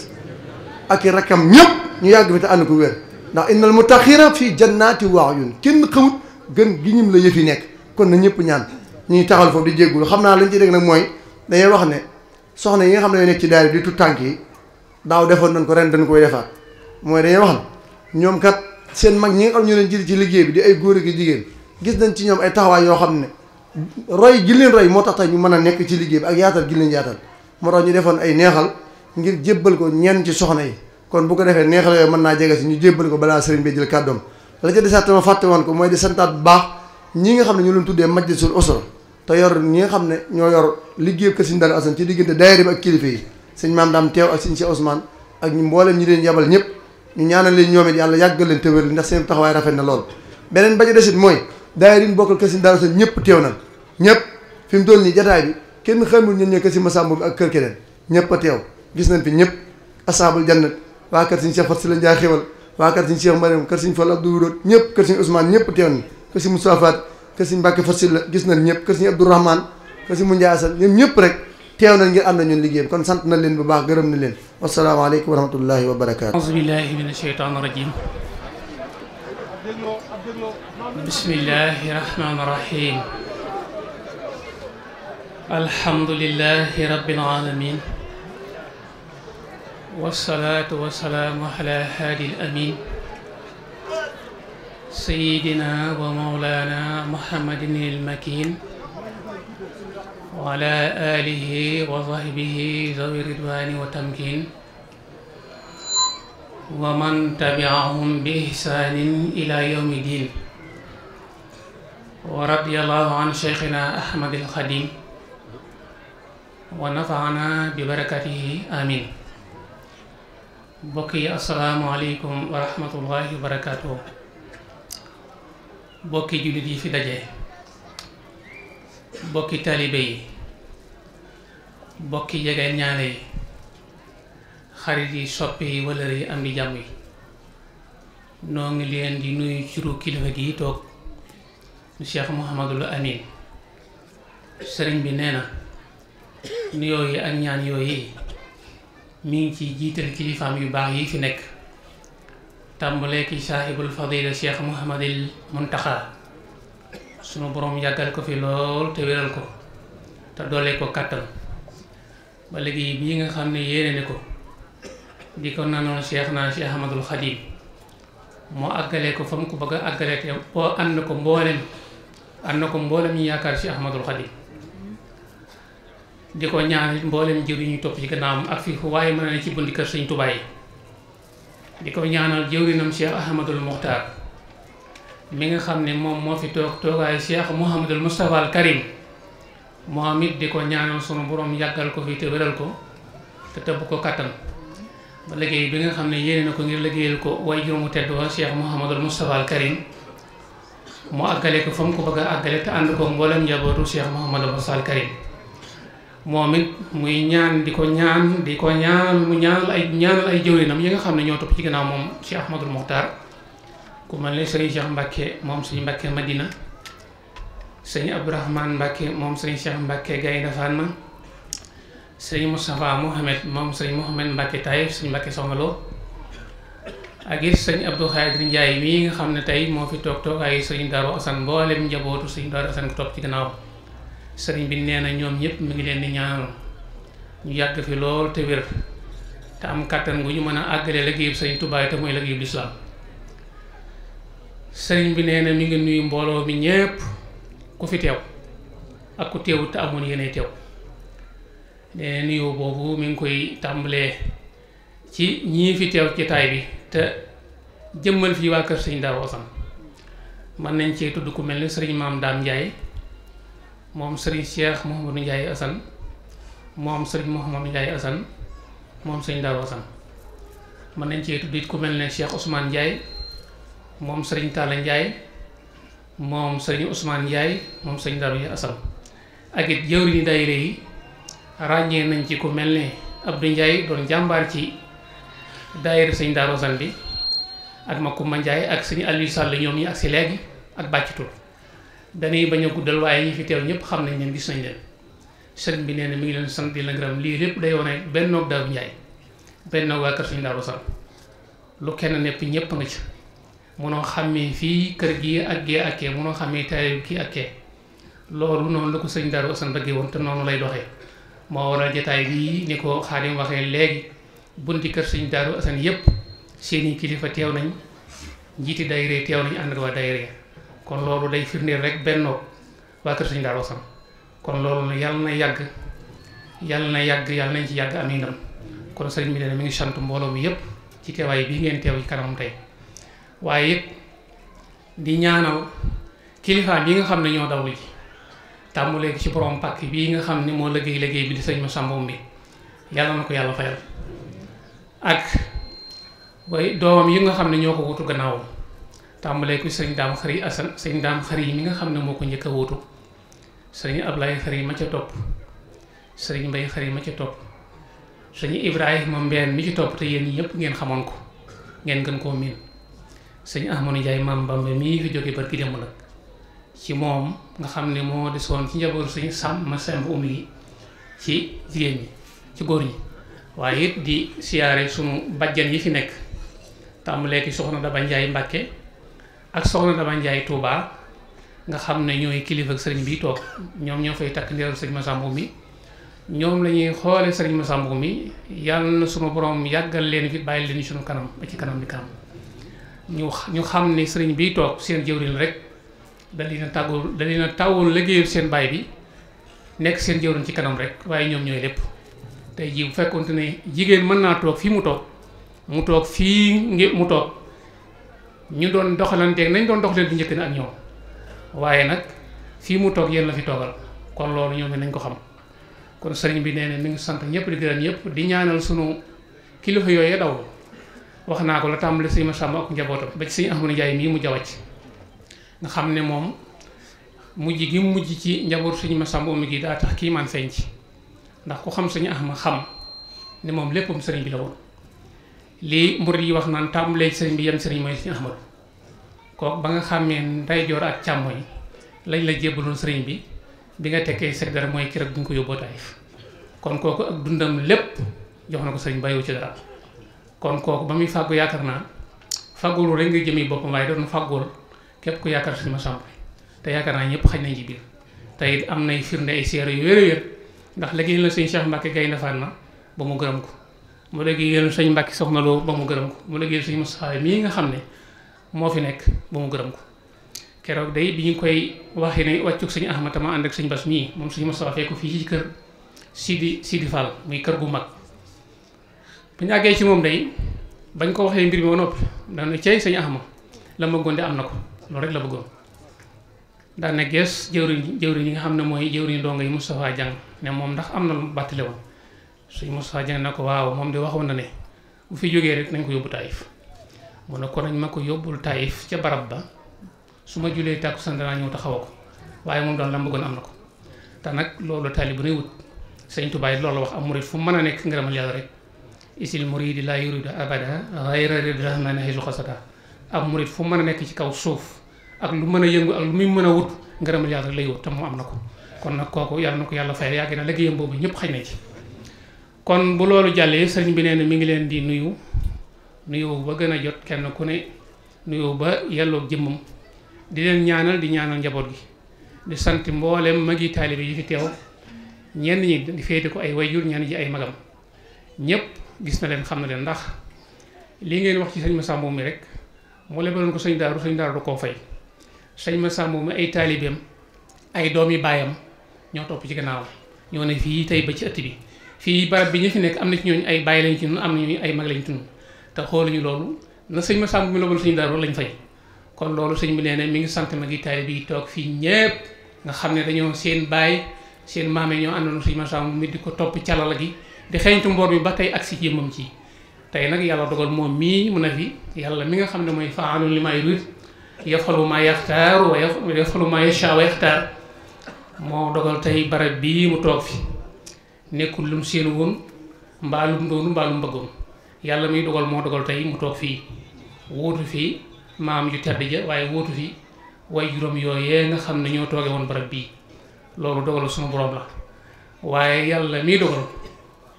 ak i rakkam ñëpp ñu yàgg fi te ànd ko wér ndax innal mutaxira fii jannaati waayun kenn xamut gën gi ñim la yëf yi nekk kon na ñëpp ñaan ñuy taxal foofu di jéggul xam naa lañ ci nag mooy dañuy wax ne soxna yi nga xam ne ñoo nekk ci daayira di tu tànk yi daaw defoon nañ ko ren dañ koy defaat mooy dañuy wax ne ñoom kat seen mag ñi nga xam ñu leen jiite ci liggéey bi di ay góor ak jigéen gis nañ ci ñoom ay taxawaay yoo xam ne roy gi leen roy moo tax tey ñu mën a nekk ci liggéey bi ak yaatal gi leen yaatal moo tax ñu defoon ay neexal ngir jébbal ko ñeen ci soxna yi kon bu ko defee neexal yooyu mën naa jege si ñu jébbal ko balaa sëriñ bi jël kàddoom la ca desaat ma fàtte woon ko mooy de santaat bu baax ñi nga xam ne ñu leen tuddee majlisul usra te yor ñi nga xam ne ñoo yor liggéey kër Sëriñ Daaru Asan ci diggante daayira bi ak kilifa yi sëñ maam daam teew ak sëñ si Ousmane ak ñu mboolem ñi leen yabal ñëpp ñu ñaanal leen ñoom it yàlla leen téwér li ndax seen taxawaay rafet na lool beneen ba ca desit mooy daayira yi bokkal kasin daaru seen ñëpp teew nañ ñëpp fi mu toll nii jataay bi kenn xamul ñun ñooy kasin Masamba bi ak kër keneen ñëpp a teew gis nañ fi ñëpp asaabul jannat waa kër siñ Cheikh Fatou Sylla Ndiaye waa kër siñ Cheikh Mariam kër siñ Fall Abdou Wudoot ñëpp kër siñ Ousmane ñëpp teew nañ kër siñ Moussa Faat kër gis nañ ñëpp kër siñ Abdourahmane kër siñ Moundia Assane ñoom ñëpp rek teew nañ ngir ànd ñun liggéeyam kon sant na leen bu baax gërëm na leen wasalaamaaleykum wa rahmatullahi wa barakaatu بسم الله الرحمن الرحيم الحمد لله رب العالمين والصلاة والسلام على هادي الأمين سيدنا ومولانا محمد المكين وعلى آله وصحبه ذوي الرضوان والتمكين ومن تبعهم بإحسان إلى يوم الدين ورضي الله عن شيخنا أحمد القديم ونفعنا ببركته آمين بكي السلام عليكم ورحمة الله وبركاته بكي جلدي في دجاء بقي تالبي بكي يغن يالي خريدي شبي ولري أمي جامي نوغ لين دي نوي شروع كيلوغي توك Cheikh Mouhamadul Amin sëriñ bi nee na nuyoo yi ak ñaan yooyu mi ngi ciy jiital kilifaam yu baax yi fi nekk tàmbalee ki saahibul fadila Cheikh Mouhamadil Muntaxa sunu borom yàggal ko fi lool te wéral ko te doole ko kàttan ba léegi bii nga xam ne yéene ne ko di ko nanoon Cheikh naa Cheikh Ahmadul Xadim moo àggalee ko fa mu ko bëgg àggalee te boo ànd ko mboolem am na ko mboolem ñu yaakaar ci Ahmadul Xadim di ko ñaan mboolem jëw yi ñu topp ci gannaawam ak fi waaye mën na ci bundi kër Sëñ Tuubaa yi di ko ñaanal jëwrinam Cheikh Ahmadul Muxtaar mi nga xam ne moom moo fi toog toogaayu Cheikh Mouhamadul Moustapha al Karim moom it di ko ñaanal sunu borom yàggal ko fi te wéral ko te tëbb ko kàttan ba liggéey bi nga xam ne yéene na ko ngir liggéeyal ko way juróomu tedd wa Cheikh Mouhamadul Moustapha al Karim mu àggale ko fa mu ko bëgg a àggale te ànd ko mboolem njabootu Cheikh Mouhamadou Bassal Karim moom it muy ñaan di ko ñaan di ko ñaan mu ñaanal ay ñaanal ay jëwriñam yi nga xam ne ñoo topp ci ginnaaw moom Cheikh Ahmadul Muxtaar ku mel ne sëriñ Cheikh Mbacke moom sëriñ Mbacke Madina sëriñ Abdourahmane Mbacke moom sëriñ Cheikh Mbacke Gaynde Fatma sëriñ Moustapha Mohamed moom sëriñ Mohamed Mbacke Taïf sëriñ Mbacke Soxna ak it sëñ Abdou Khadir Ndiaye mii nga xam ne tey moo fi toog toog ay sëriñ Darou Assane mboolem njabootu sëriñ Darou Assane ko topp ci gannaaw sëriñ bi nee na ñoom ñëpp mu ngi leen di ñaanal ñu yàgg fi lool te wér te am kattan gu ñu mën a àggale liggéeyub sëriñ Touba te mooy liggéeyub lislaam sëriñ bi nee na mi ngi nuyu mbooloo mi ñëpp ku fi teew ak ku teewut te amoon yenee teew nee na boobu mi ngi koy tàmbalee ci ñii fi teew ci bi. te jëmmal fii waa kër sëñ Daaru Assane mën nañ cee tudd ku mel ni sëriñ maam Daam Ndiaye moom sëriñ Cheikh Mouhamadou Ndiaye Assane moom sëriñ Mouhamadou asan moom sëñ Daaru mën nañ cee tudd ku mel ni Cheikh Ousmane Ndiaye moom sëriñ Talla Ndiaye moom sëriñ Ousmane Ndiaye moom sëñ Daaru Assane ak it jëwriñu daayira yi ràññee nañ ci ku mel ne Abdou Ndiaye doon jàmbaar ci daayira sëñ Darou Zane bi ak Makumba Ndiaye ak sëñ Aliou Sall ñoom ñi ak si léegi ak bàccitul dañuy bañ a guddal waaye ñi fi teew ñëpp xam nañ leen gis nañ leen sëriñ bi nee na ngi leen sant di la gërëm lii lépp day wane bennoog Darou Ndiaye bennoog waa kër sëñ Darou Zane lu kenn nepp ñëpp nga ci munoo xàmmee fii kër gi ak gee ak kee xam xàmmee taay kii ak kee loolu noonu la ko sëñ Darou Zane bëggee woon te noonu lay doxee moo waral jotaay bii ni ko Xaadim waxee léegi. bunti kër sëñ Daaru Asan yëpp seeni kilifa teew nañ njiiti daayira teew nañ ànd ak waa daayira kon loolu day firndeel rek bennoo waa kër sëñ Daaru Asan kon loolu yàlla na yàgg yàlla na yàgg yàlla nañ ci yàgg am yi mi ngi sant mbooloo mi yëpp ci teewaay bii ngeen teew ci kanamam waaye di ñaanal kilifaam yi nga xam ne ñoo dawlu ji tàmbalee ci borom pàkk bii nga xam ne moo liggéey liggéey bi di sëñ ma sàmboom bi yàlla na ko yàlla fayal ak way doomam yi nga xam ne ñoo ko wutu gannaawam tàmbaleeku ko sëñ daam xari asan sëñ daam xari mi nga xam ne moo ko njëkk a wutu sëñ ablaye xari ma ca topp sëñ mbay xari ma ca topp sëñ ibrahima mbeen mi ci topp te yéen ñëpp ngeen xamoon ko ngeen gën koo miin sëñ ahmadou njaay maam bamba mii fi jóge barki démb nag ci moom nga xam ne moo desoon ci njaboot sëñ sàmm ma semb um yi ci jigéen ñi ci góor ñi waaye di siyaare sunu bajjan yi fi nekk tàmbalee ki soxna Daba Njaay Mbàkke ak soxna Daba Njaay Touba nga xam ne ñooy kilifa ak sëriñ bi toog ñoom ñoo fay takk ndiral sëriñ Massamba mi ñoom la ñuy xoole sëriñ Massamba mi yàlla na sunu borom yàggal leen fi bàyyi leen sunu kanam ba ci kanam bi kanam ñu ñu xam ne sëriñ bi toog seen jëwriñ rek da leen a tàggul da leen a tawul liggéeyu seen baay bi nekk seen jëwriñ ci kanam rek waaye ñoom ñooy lépp tey jii bu fekkonte ni jigéen mën naa toog fii mu toog mu toog fii mu toog ñu doon doxalanteeg nañ doon doxaleen bu njëkk ne ak ñoom waaye nag fii mu toog yéen la fi toogal kon loolu ñoom nañ ko xam kon sëriñ bi nee na ngi sant ñëpp di gërëm ñëpp di ñaanal sunu kilifa yooyu daw wax naa ko la tàmbali sëñ Masamba ak njabootam ba ci sëñ Ahmadou Ndiaye mii mu jawacc nga xam ne moom mujj gi mujj ci njaboot sëñ Masamba mi gi daa tax kii man ci ndax ku xam sëñ Ahmad xam ne moom léppam sëriñ bi la woon lii mbir yi wax naan tàmbalee sëriñ bi yem sëriñ mooy sëñ Ahmad kooku ba nga xàmmee ndeyjoor ak càmmoñ lañ la jébbaloon sëriñ bi bi nga tekkee seg dara mooy keroog bi nga ko kon kooku ak dundam lépp jox na ko sëriñ bàyyiwu ci dara kon kooku ba muy fàggu yaakaar naa fàggulu rek nga jëmi boppam waaye doon fàggul képp ku yaakaar suñu ma sàmp te yaakaar naa ñëpp xaj nañ ci biir te am nay firnde ay ndax liggéeyal na sëñ Cheikh Mbacke Gaynde Fatma ba mu gërëm ko mu liggéeyal sëñ Mbacke Soxna Lo ba mu gërëm ko mu liggéeyal sëñ Moussa mii nga xam ne moo fi nekk ba mu gërëm ko keroog day bi ñu koy waxee ne wàccug sëñ Ahmad ma ànd ak sëñ Bass mii moom sëñ Moussa fekk fii ci kër Sidi Sidi Fall muy kër gu mag bu ñu àggee ci moom day bañ ko waxee mbir mi ba noppi daanaka cey sëñ Ahmad la ma bëggoon de am na ko loolu rek la bëggoon daanaka gees jëwriñ jëwriñ yi nga xam ne mooy jëwriñ ndongo yi Moustapha Jàng ne moom ndax am na lu bàttale woon suñ Moussa Dieng na ko waaw moom de waxoon na ne bu fi jógee rek nañ ko yóbbu Taïf mu ne ko nañ ma ko yóbbul Taïf ca barab ba su ma julee tàkkusaan danaa ñëw taxaw ko waaye moom daal la mu bëggoon am na ko te nag loolu taalibe bu nay wut sëñ Tuubaa loolu wax am murit fu mën a nekk ngërëmal yàlla rek isil muridi laa yuridu abada ghayra rahmani haysu xasada ak murit fu mën a nekk ci kaw suuf ak lu mën a yëngu ak lu mën a wut ngërëmal yàlla rek lay wut te am na ko kon nag kooku yàlla na ko yàlla fayal yàgg na liggéeyam boobu ñëpp xaj na ci kon bu loolu jàllee sëriñ bi nee mi ngi leen di nuyu nuyu ba gën a jot kenn ku ne nuyu ba yàlloo jëmmam di leen ñaanal di ñaanal njaboot gi di sant mboolem yi taalibe yi fi teew ñenn ñi di féete ko ay wayjur ñenn ji ay magam ñëpp gis na leen xam na leen ndax lii ngeen wax ci sëñ Massa Mbow mi rek moo lebaloon ko sëñ daaru sëñ daaru du koo fay sëñ ma Mbow mi ay taalibeem ay doomi baayam ñoo topp ci gannaaw ñoo ne fii tey ba ci ëtt bi fii barab bi ñu fi nekk am na ci ñooñu ay bàyyi lañ ci nun am na ñooñu ay mag lañ ci nun te xooluñu loolu na sëñ ma sàmm mi lobal suñu dara loolu lañ kon loolu sëñ bi nee ne mi ngi sant magi taali bi toog fii ñépp nga xam ne dañoo seen baay seen maame ñoo àndoon sëñ ma sàmm mi di ko topp calal gi di xeeñtu mboor bi ba tey ak si jëmmam ci tey nag yàlla dogal moom mii mun a fi yàlla mi nga xam ne mooy faalun li maa yurid yafalu maa yaxtaar wa yafalu maa yashaa moo dogal tey barab bii mu toog fi nekkul lum seen woon mbaa lum doonu mbaa bëggoon yàlla muy dogal moo dogal tey mu toog fii wóotu fi maam yu tedd ja waaye wóotu fi way juróom yooyee nga xam ne ñoo tooge woon barab bii loolu dogalu sunu boroom la waaye yàlla miy dogal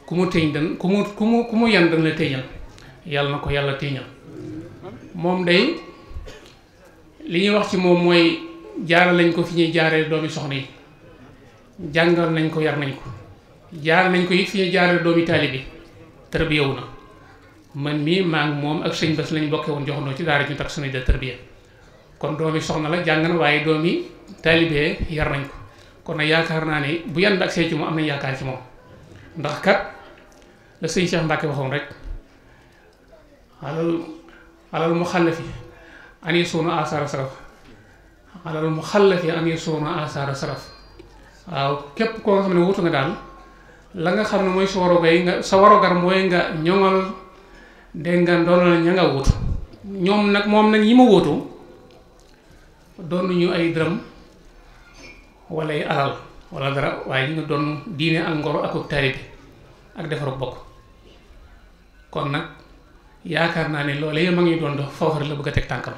ku mu teñ dan ku mu ku mu ku mu yan dan la teñal yàlla na ko yàlla teñal moom day li ñuy wax ci moom mooy jaara lañ ko fi ñuy jaaree doomi soxna yi jàngal nañ ko yar nañ ko jaar nañ ko it fi jaaree doomi taalibe tërbiya na man mii maa ngi moom ak sëñ bés lañ bokkee woon joxandoo ci daara ñu tax suñu de tërbiya kon doomi soxna la jàng na waaye doomi taalibe yar nañ ko kon nag yaakaar naa ne bu yan ak see ci moom am nañ yaakaar ci moom ndax kat la sëñ Cheikh Mbacke waxoon rek alal alal mu xàllafi ani suuna asaara saraf alal mu xal xàllafi ani suuna asaara saraf waaw képp koo nga xam ne wutu nga daal la nga xam ne mooy sa warugar yi nga sa warugar mooy nga ñoŋal dégg nga doonal ña nga wutu ñoom nag moom nag yi ma wutu doonuñu ay dërëm wala ay alal wala dara waaye ñu ngi doon diine ak ngoro ak bi ak defaru bokk kon nag yaakaar naa ne loole ma ngi doon dox foofu la bëgg a teg tànkam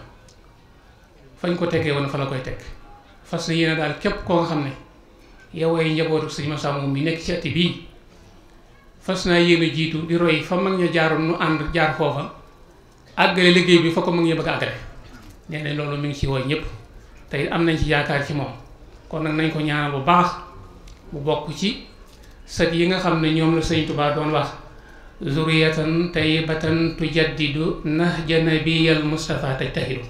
fañ ko tegee woon fa la koy teg fas yéene daal képp koo nga xam ne yow ay njabootu sëñ Masamba mi nekk ci atti bii fas naa yéene jiitu di roy fa mag ña jaaroon nu ànd jaar foofa àggale liggéey bi fa ko mag ña bëgg àggale nee loolu mi ngi ci woo ñëpp tey am nañ ci yaakaar ci moom kon nag nañ ko ñaanal bu baax bu bokk ci sët yi nga xam ne ñoom la sëñ Tuubaa doon wax zuriyatan tayyibatan tujaddidu nahja nabiyal Mustafa tajtahidu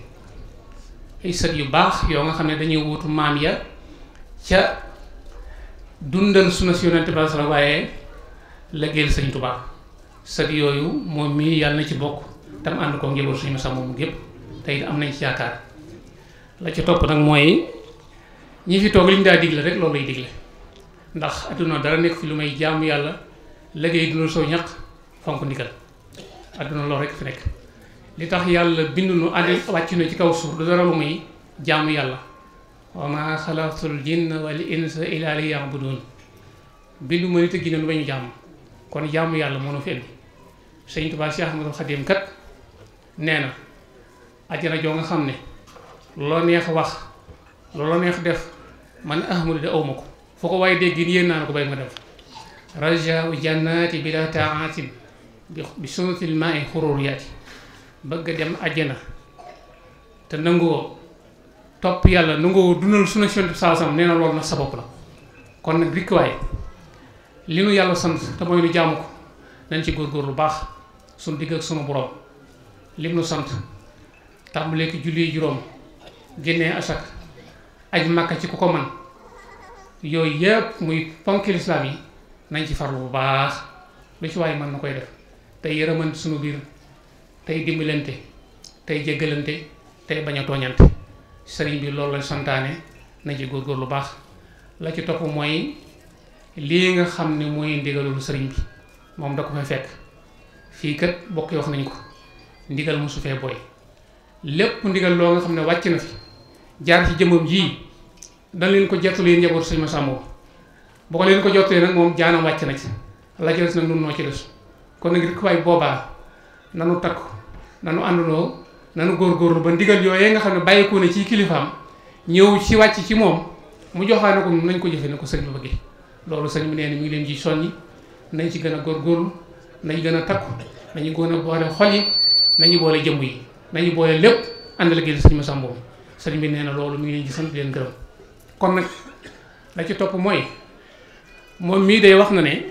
ay sët yu baax yoo nga xam ne dañuy wutu maam ya ca dundal suma si yonante ba sala waye leggel serigne touba sëg yooyu moom mii yàlla na ci bokk tam ànd ko njaboot suñu sama moomu gépp tey am nañ ci yaakaar la ci topp nag mooy ñi fi toog liñ daa digle rek loolu lay digle ndax aduna dara nekk fi lu may jaamu yàlla lëggéey dundal soo ñaq fonk ndigal aduna loolu rek fi nekk li tax yàlla bindu nu andi wàcc na ci kaw suuf du dara lu muy jaamu yàlla وما خلقت الجن والانس الا ليعبدون بل ما تجينا نوي جام كون جام يالا مونو فيل سيدنا توبا شيخ احمد الخديم كات نينا اجينا جوغا خامني لو نيه واخ لو نيه ديف من احمد دي اومكو فوكو واي ديغين يينا نكو باي ما ديف رجاء الجنات بلا تعات بصوت الماء خرور بغا دم اجينا تنغو topp yàlla nangoo nga dundal sunu séntu saa sam nee na loolu sa bopp la kon nag rikkiwaay li nu yàlla sant te mooy nu jàmm ko nañ ci góor góorgóorlu baax sunu digg ak sunu borom lim nu sant tàmbalee ki julli juróom génnee asak aj màkka ci ku ko man yooyu yëpp muy ponki lislaam yi nañ ci farlu bu baax lu ci waaye mën na koy def tey yërëmante sunu biir tey dimbalante tey jéggalante tey bañ a tooñante sëriñ bi loolu la santaane nañ ci góor lu baax la ci topp mooy lii nga xam ni mooy ndigalul sëriñ bi moom da ko fay fekk fii kat bokk wax nañ ko ndigal mosu fee booy lépp ndigal loo nga xam ne wàcc na fi jaar ci jëmmam jii dañ leen ko jotul yéen njaboot sëñ Masamba boo ko leen ko jottee nag moom jaanam wàcc na ci la ci des nag nun noo ci des kon nag rek waay boobaa nanu takk nanu àndandoo nanu góorgóorlu ba ndigal yooyee nga xam ne bàyyikoo ne ci kilifaam ñëw ci wàcc ci moom mu joxaane ko nañ ko jëfe ne ko sëñ bi bëggee loolu sëñ bi nee na mi ngi leen jii soññi nañ ci gën a góorgóorlu nañ gën a takku nañu gën a boole xol yi nañu boole jëmm yi nañu boole lépp ànd la gil sëñ ma sàmboom sëñ bi nee na loolu mi ngi leen ci leen gërëm kon nag la ci topp mooy moom mii day wax na ne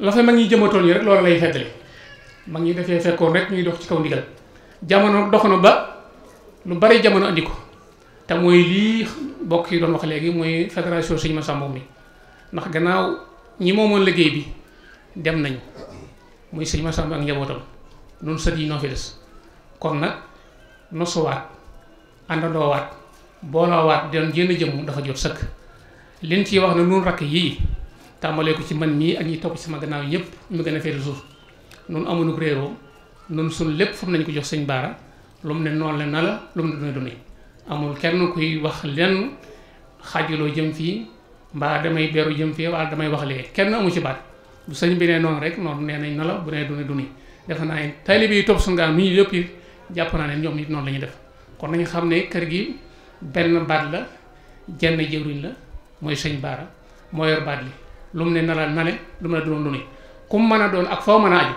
la fa mag ñi jëmatoon yi rek loolu lay feddali mag ñi dafee fekkoon rek ñuy dox ci kaw jamono dox na ba lu bari jamono andi ko te mooy lii bokk yi doon wax léegi mooy fédération Sëñ Massamba mi ndax gannaaw ñi moomoon liggéey bi dem nañu muy Sëñ Massamba ak njabootam noonu sët yi noo fi des kon nag nosuwaat àndandoowaat booloowaat di doon jénn jëmm dafa jot sëkk liñ ciy wax ne nun rakk yii tàmbalee ko ci man mii ak ñi topp ci sama gannaaw ñëpp ñu gën a féete suuf noonu amuñu réeroo noonu suñ lépp fam nañ ko jox sëñ baara lu mu ne noonu la na la lu mu ne dune kenn kuy wax lenn xaajaloo jëm fii mbaa damay jëm fii wala damay wax kenn amu ci baat bu sëñ bi ne noonu rek noonu nee nañ na la bu ne dune dune defe naa ne taalibe yi mi ñu jàpp naa ne ñoom it la ñuy def kon nañu xam ne kër gi benn baat la jenn jëwriñ la mooy sëñ baara moo yor baat li lu mu na lu mu ne dune dune ku mu a doon ak foo mën a aju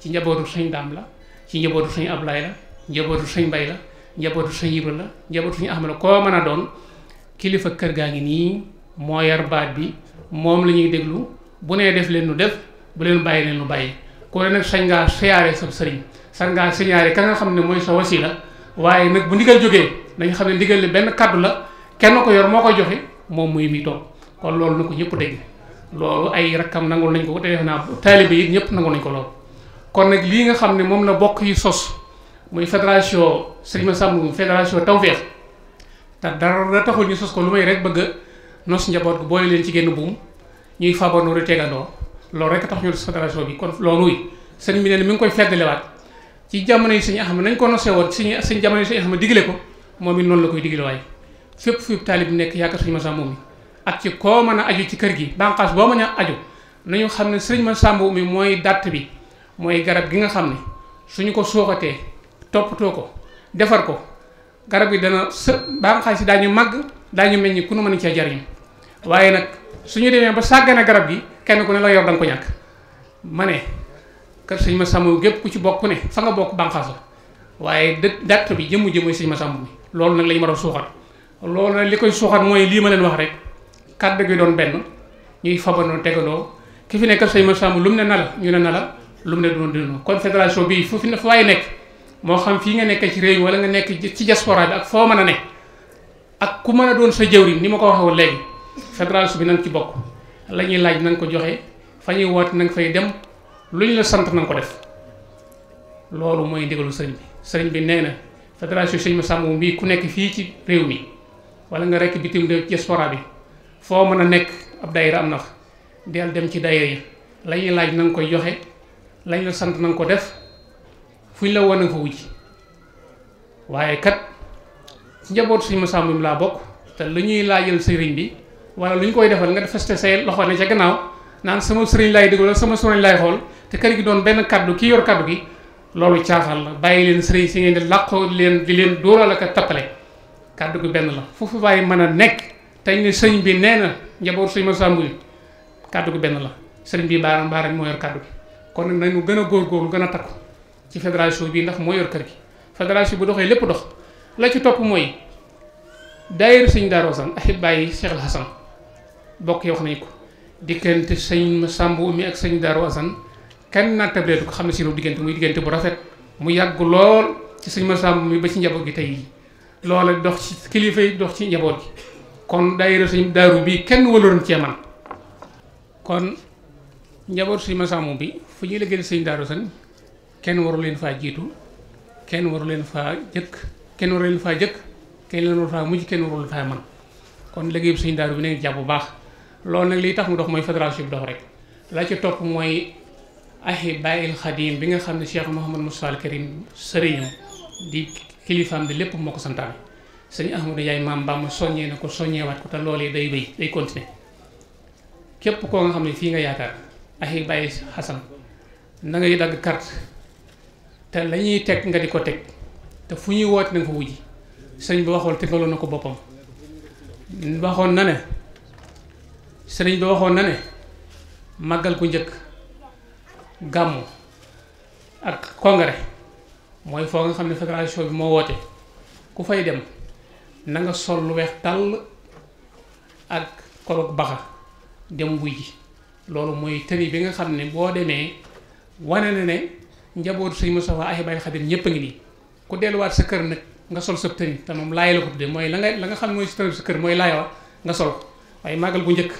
ci njabootu sëñ daam la ci njabootu sëñ ablaay la njabootu sëñ bay la njabootu sëñ ibra la njabootu sëñ ahmad ko koo mën doon kilifa kër gaa ngi nii moo yar baat bi moom la ñuy déglu bu nee def leen nu def bu leen bàyyi leen nu bàyyi ko nag sañ ngaa siyaare sa sëriñ sañ ngaa siyaare ka nga xam ne mooy sa wasila waaye nag bu ndigal jógee dañ xam ne ndigal li benn kaddu la kenn ko yor moo koy joxe moom muy mi toog kon loolu na ko ñëpp dégg loolu ay rakkam nangul nañ ko te def naa taalibe yi ñëpp nangul nañ ko loolu kon nag lii nga xam ne moom la bokk yi sos muy fédération sëñ Massamba fédération Tawfekh te dara taxul ñu sos ko lu may rek bëgg a nos njaboot boole leen ci génn buum ñuy fabandoo di tegandoo loolu rek tax ñu sos bi kon loolu yi bi ne mi ngi koy feddalewaat ci jamono yi sëñ Axma nañ ko woon sëñ sëñ jamono yi sëñ Axma ko moom it noonu la koy digle waaye fépp fépp taalib nekk yaakaar ma Massamba Oumy ak ci koo mën a aju ci kër gi bànqaas boo mën a aju nañu xam ne sëñ Massamba Oumy mooy date bi mooy garab gi nga xam ne suñu ko suuxatee toppatoo ko defar ko garab gi dana së bànqaas si daañu màgg daañu meññ ku nu mën cee jariñ waaye nag suñu demee ba sàggana garab gi kenn ku ne la yor danga ko ñàkk ma ne kër sëñ ma sàmm gépp ku ci bokk ne fa bokk bànqaas waaye dë dàtt bi jëmmu jëmmu sëñ ma sàmm bi loolu nag la ñu war a suuxat loolu nag li koy suuxat mooy lii ma leen wax rek kàddu gi doon benn ñuy fabandoo tegandoo ki fi nekk sëñ ma sàmm lu mu ne na ñu ne na la lu mu ne doon dina confédération bi fu fi waaye nekk moo xam fii nga nekk ci réew mi wala nga nekk ci diaspora ak foo mën a ne ak ku mën a doon sa jëwriñ ni ma ko waxee woon léegi fédération bi na ci bokk la ñuy laaj na ko joxe fa ñuy woote na fay dem lu la sant na ko def loolu mooy ndigalu sëriñ bi sëriñ bi nee na fédération sëriñ Massamba Ngom bii ku nekk fii ci réew mi wala nga rekk bitim réew ci diaspora bi foo mën a nekk ab daayira am na fa del dem ci daayira yi lañuy laaj na koy joxe. lañ la sant nanga ko def fuñ la won nga fa wujj waaye kat ci njabootu suñu Masamba mi laa bokk te lu ñuy laajal sëriñ bi wala lu ñu koy defal nga feste say loxo ne ca gannaaw naan sama sëriñ laay déglu sama sëriñ laay xool te kër gi doon benn kaddu kii yor kaddu gi loolu caaxaan la bàyyi leen sëriñ si ngeen di leen di leen dóoral ak a tappale kàddu gi benn la foofu waaye mën a nekk teñ ne sëñ bi nee na njabootu suñu Masamba bi kàddu gi benn la sëriñ bi baaram baaram moo yor kaddu gi kon nag nañu gën a góorgóorlu gën a takku ci fédération bii ndax moo yor kër gi fédération bu doxee lépp dox la ci topp mooy daayira sëñ Darou Assane ahibaay yi Cheikh Al Hassane bokk yi wax nañ ko diggante sëñ Samba mi ak sëñ Darou Assane kenn naa tableetu ko xam ne sinu diggante muy diggante bu rafet mu yàgg lool ci sëñ Samba Oumy ba ci njaboot gi tey loola dox ci kilifa yi dox ci njaboot gi kon daayira sëñ Darou bii kenn wëloon cee man kon njaboot bi fu ñuy liggéeyal sëñ Darou Assane kenn warul leen faa jiitu kenn waru leen faa jëkk kenn waru leen faa jëkk kenn leen waru faa mujj kenn waru leen faa man kon liggéey sëñ Darou bi nañ jàpp bu baax loolu nag li tax mu dox mooy fédération bi dox rek la ci topp mooy Ahibaahil Xadim bi nga xam ne Cheikh Mouhamad Moustapha Karim sëriñam di kilifaam di lépp moo ko santaane sëñ Ahmadou Yaay maam ma soññee na ko soññeewaat ko te yi day béy day continuer képp koo nga xam ne fii nga yaakaar Ahibaahil Xasan na ngay dagg carte te lañuy ñuy teg nga di ko teg te fu ñuy woote na nga fa wujji sëriñ bi waxoon tegaloon na ko boppam waxoon na ne sëriñ bi waxoon na ne màggal ku njëkk gàmmu ak congrès mooy foo nga xam ne fédération bi moo woote ku fay dem na nga sol lu weex tàll ak koloog baxa dem wujji loolu mooy tëri bi nga xam ne boo demee wane na ne njabootu sëñ Moustapha ay Baye Xadir ñëpp a ngi nii ku delluwaat sa kër nag nga sol sa tëni te moom laay la ko tuddee mooy la nga la xam mooy sa sa kër mooy laay wa nga sol waaye màggal bu njëkk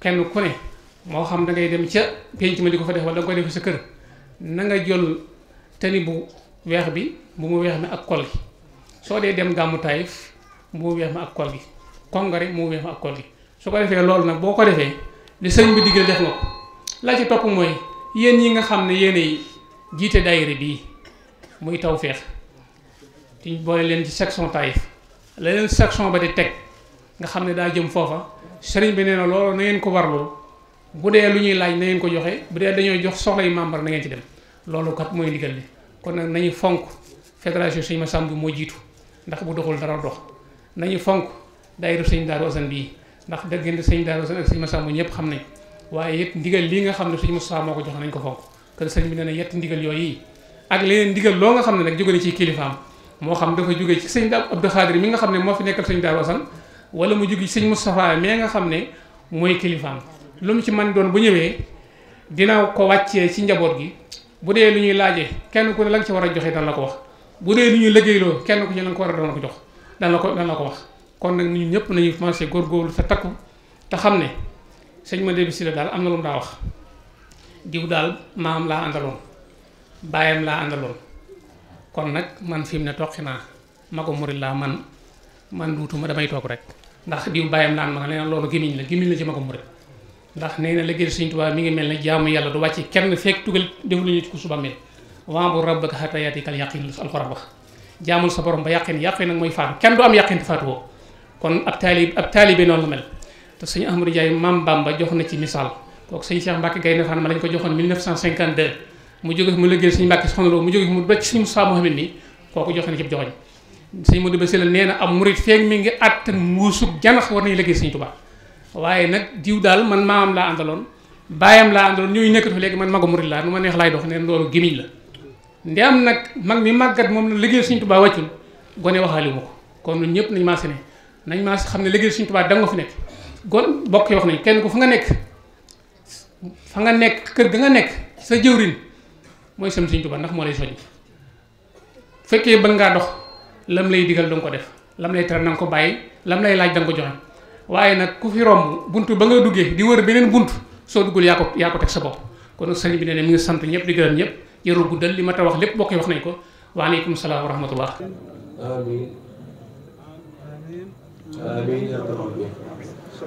kenn ku ne moo xam da ngay dem ca penc ma di ko fa def wala da nga sa kër na nga jël tëni bu weex bi bu mu weex mi ak kol dee dem gàmmu bu weex ak kol gi kongare mu weex ko defee loolu nag boo ko defee li sëñ bi digal def nga ko la ci topp mooy. yéen yi nga xam ne yéenay jiite daayira bii muy tawféex te ñu boole leen ci section Taïf la leen section ba di teg nga xam ne daa jëm foofa sëriñ bi nee na loolu na ngeen ko warloo bu dee lu ñuy laaj na ngeen ko joxe bu dee dañoo jox soxla yu membre na ngeen ci dem loolu kat mooy ndigal li kon nag nañu fonk fédération ma Massamba moo jiitu ndax bu doxul dara dox na nañu fonk daayira sëñ Daaru Asan bii ndax dëggante sëñ Daaru Asan ak sëñ Massamba ñëpp xam nañ waaye it ndigal lii nga xam ne suñu Moustapha moo ko jox nañ ko fonk kër sëñ bi nee na yett ndigal yooyu ak leneen ndigal loo nga xam ne nag jóge na ci kilifaam moo xam dafa jóge ci sëñ Abdou Khadir mi nga xam ne moo fi nekkal sëñ Daaru Asan wala mu jóge ci sëñ Moustapha nga xam ne mooy kilifaam lu mu ci man doon bu ñëwee dina ko wàccee ci njaboot gi bu dee lu ñuy laajee kenn ku ne la nga ci war a joxe dan la ko wax bu dee lu ñuy liggéeyloo kenn ku ci la nga ko war a doon ko jox dan la ko dan la ko wax kon nag ñu ñëpp nañu commencé góorgóorlu te takku te xam ne sëñ Mademba Sylla daal am na lu mu daa wax diw daal maam laa àndaloon baayam laa àndaloon kon nag man fi ne toqi naa ma ko murit laa man man duutuma damay toog rek ndax diw baayam laa ma nee na loolu gémmiñ la gémmiñ la ci ma ko murit ndax nee na liggéey sëñ mi ngi mel ne jaamu yàlla du wàcc kenn fekk tugal def lu ñu ci ko suba mel waa bu rabbaka hatta yaatikal yaqin alxuraan wax jaamul sa borom ba yàqin yàqin nag mooy faatu kenn du am yàqin te faatu te sëñ Ahmadou Ndiaye maam Bamba jox na ci misaal kooku sëñ Cheikh Mbacke Gaynde Fatma ma lañ ko joxoon 1952 mu jóge mu liggéey sëñ Mbacke Soxna Lo mu jóge mu ba ci sëñ Moussa Mouhamed ni kooku joxe na ci joxoñ sëñ Modou Bassiré nee na am murit feeg mi ngi àttan mbuusug janax war nañu liggéey sëñ Tuubaa waaye nag diw daal man maamam laa àndaloon baayam laa àndaloon ñooñu nekkatu fa léegi man mago murit laa nu ma neex laay dox neen loolu gémiñ la nde am nag mag mi màggat moom la liggéey sëñ Tuubaa wàccul gone waxaaliwu ma ko kon ñun ñëpp nañ maase ne nañ maase xam ne liggéey sëñ Tuubaa da nga fi nekk Gol bokk wax nañ kenn ku fa nga nekk fa nga nekk kër ga nga nekk sa jëwrin mooy sam sëñ tuba ndax moo lay soñ fekkee ban ngaa dox lam lay digal dong ko def lam lay tere nang ko bàyyi lam lay laaj dang ko joxe waaye nag ku fi romb buntu ba nga duggee di wër beneen bunt soo duggul yaa ko yaa ko teg sa bopp kon sëñ bi ne ne mi ngi sant ñëpp di gërëm ñëpp guddal li ma ta wax lépp bokk wax nañ ko waaleykum salaam wa rahmatullah amin amin ya rabbi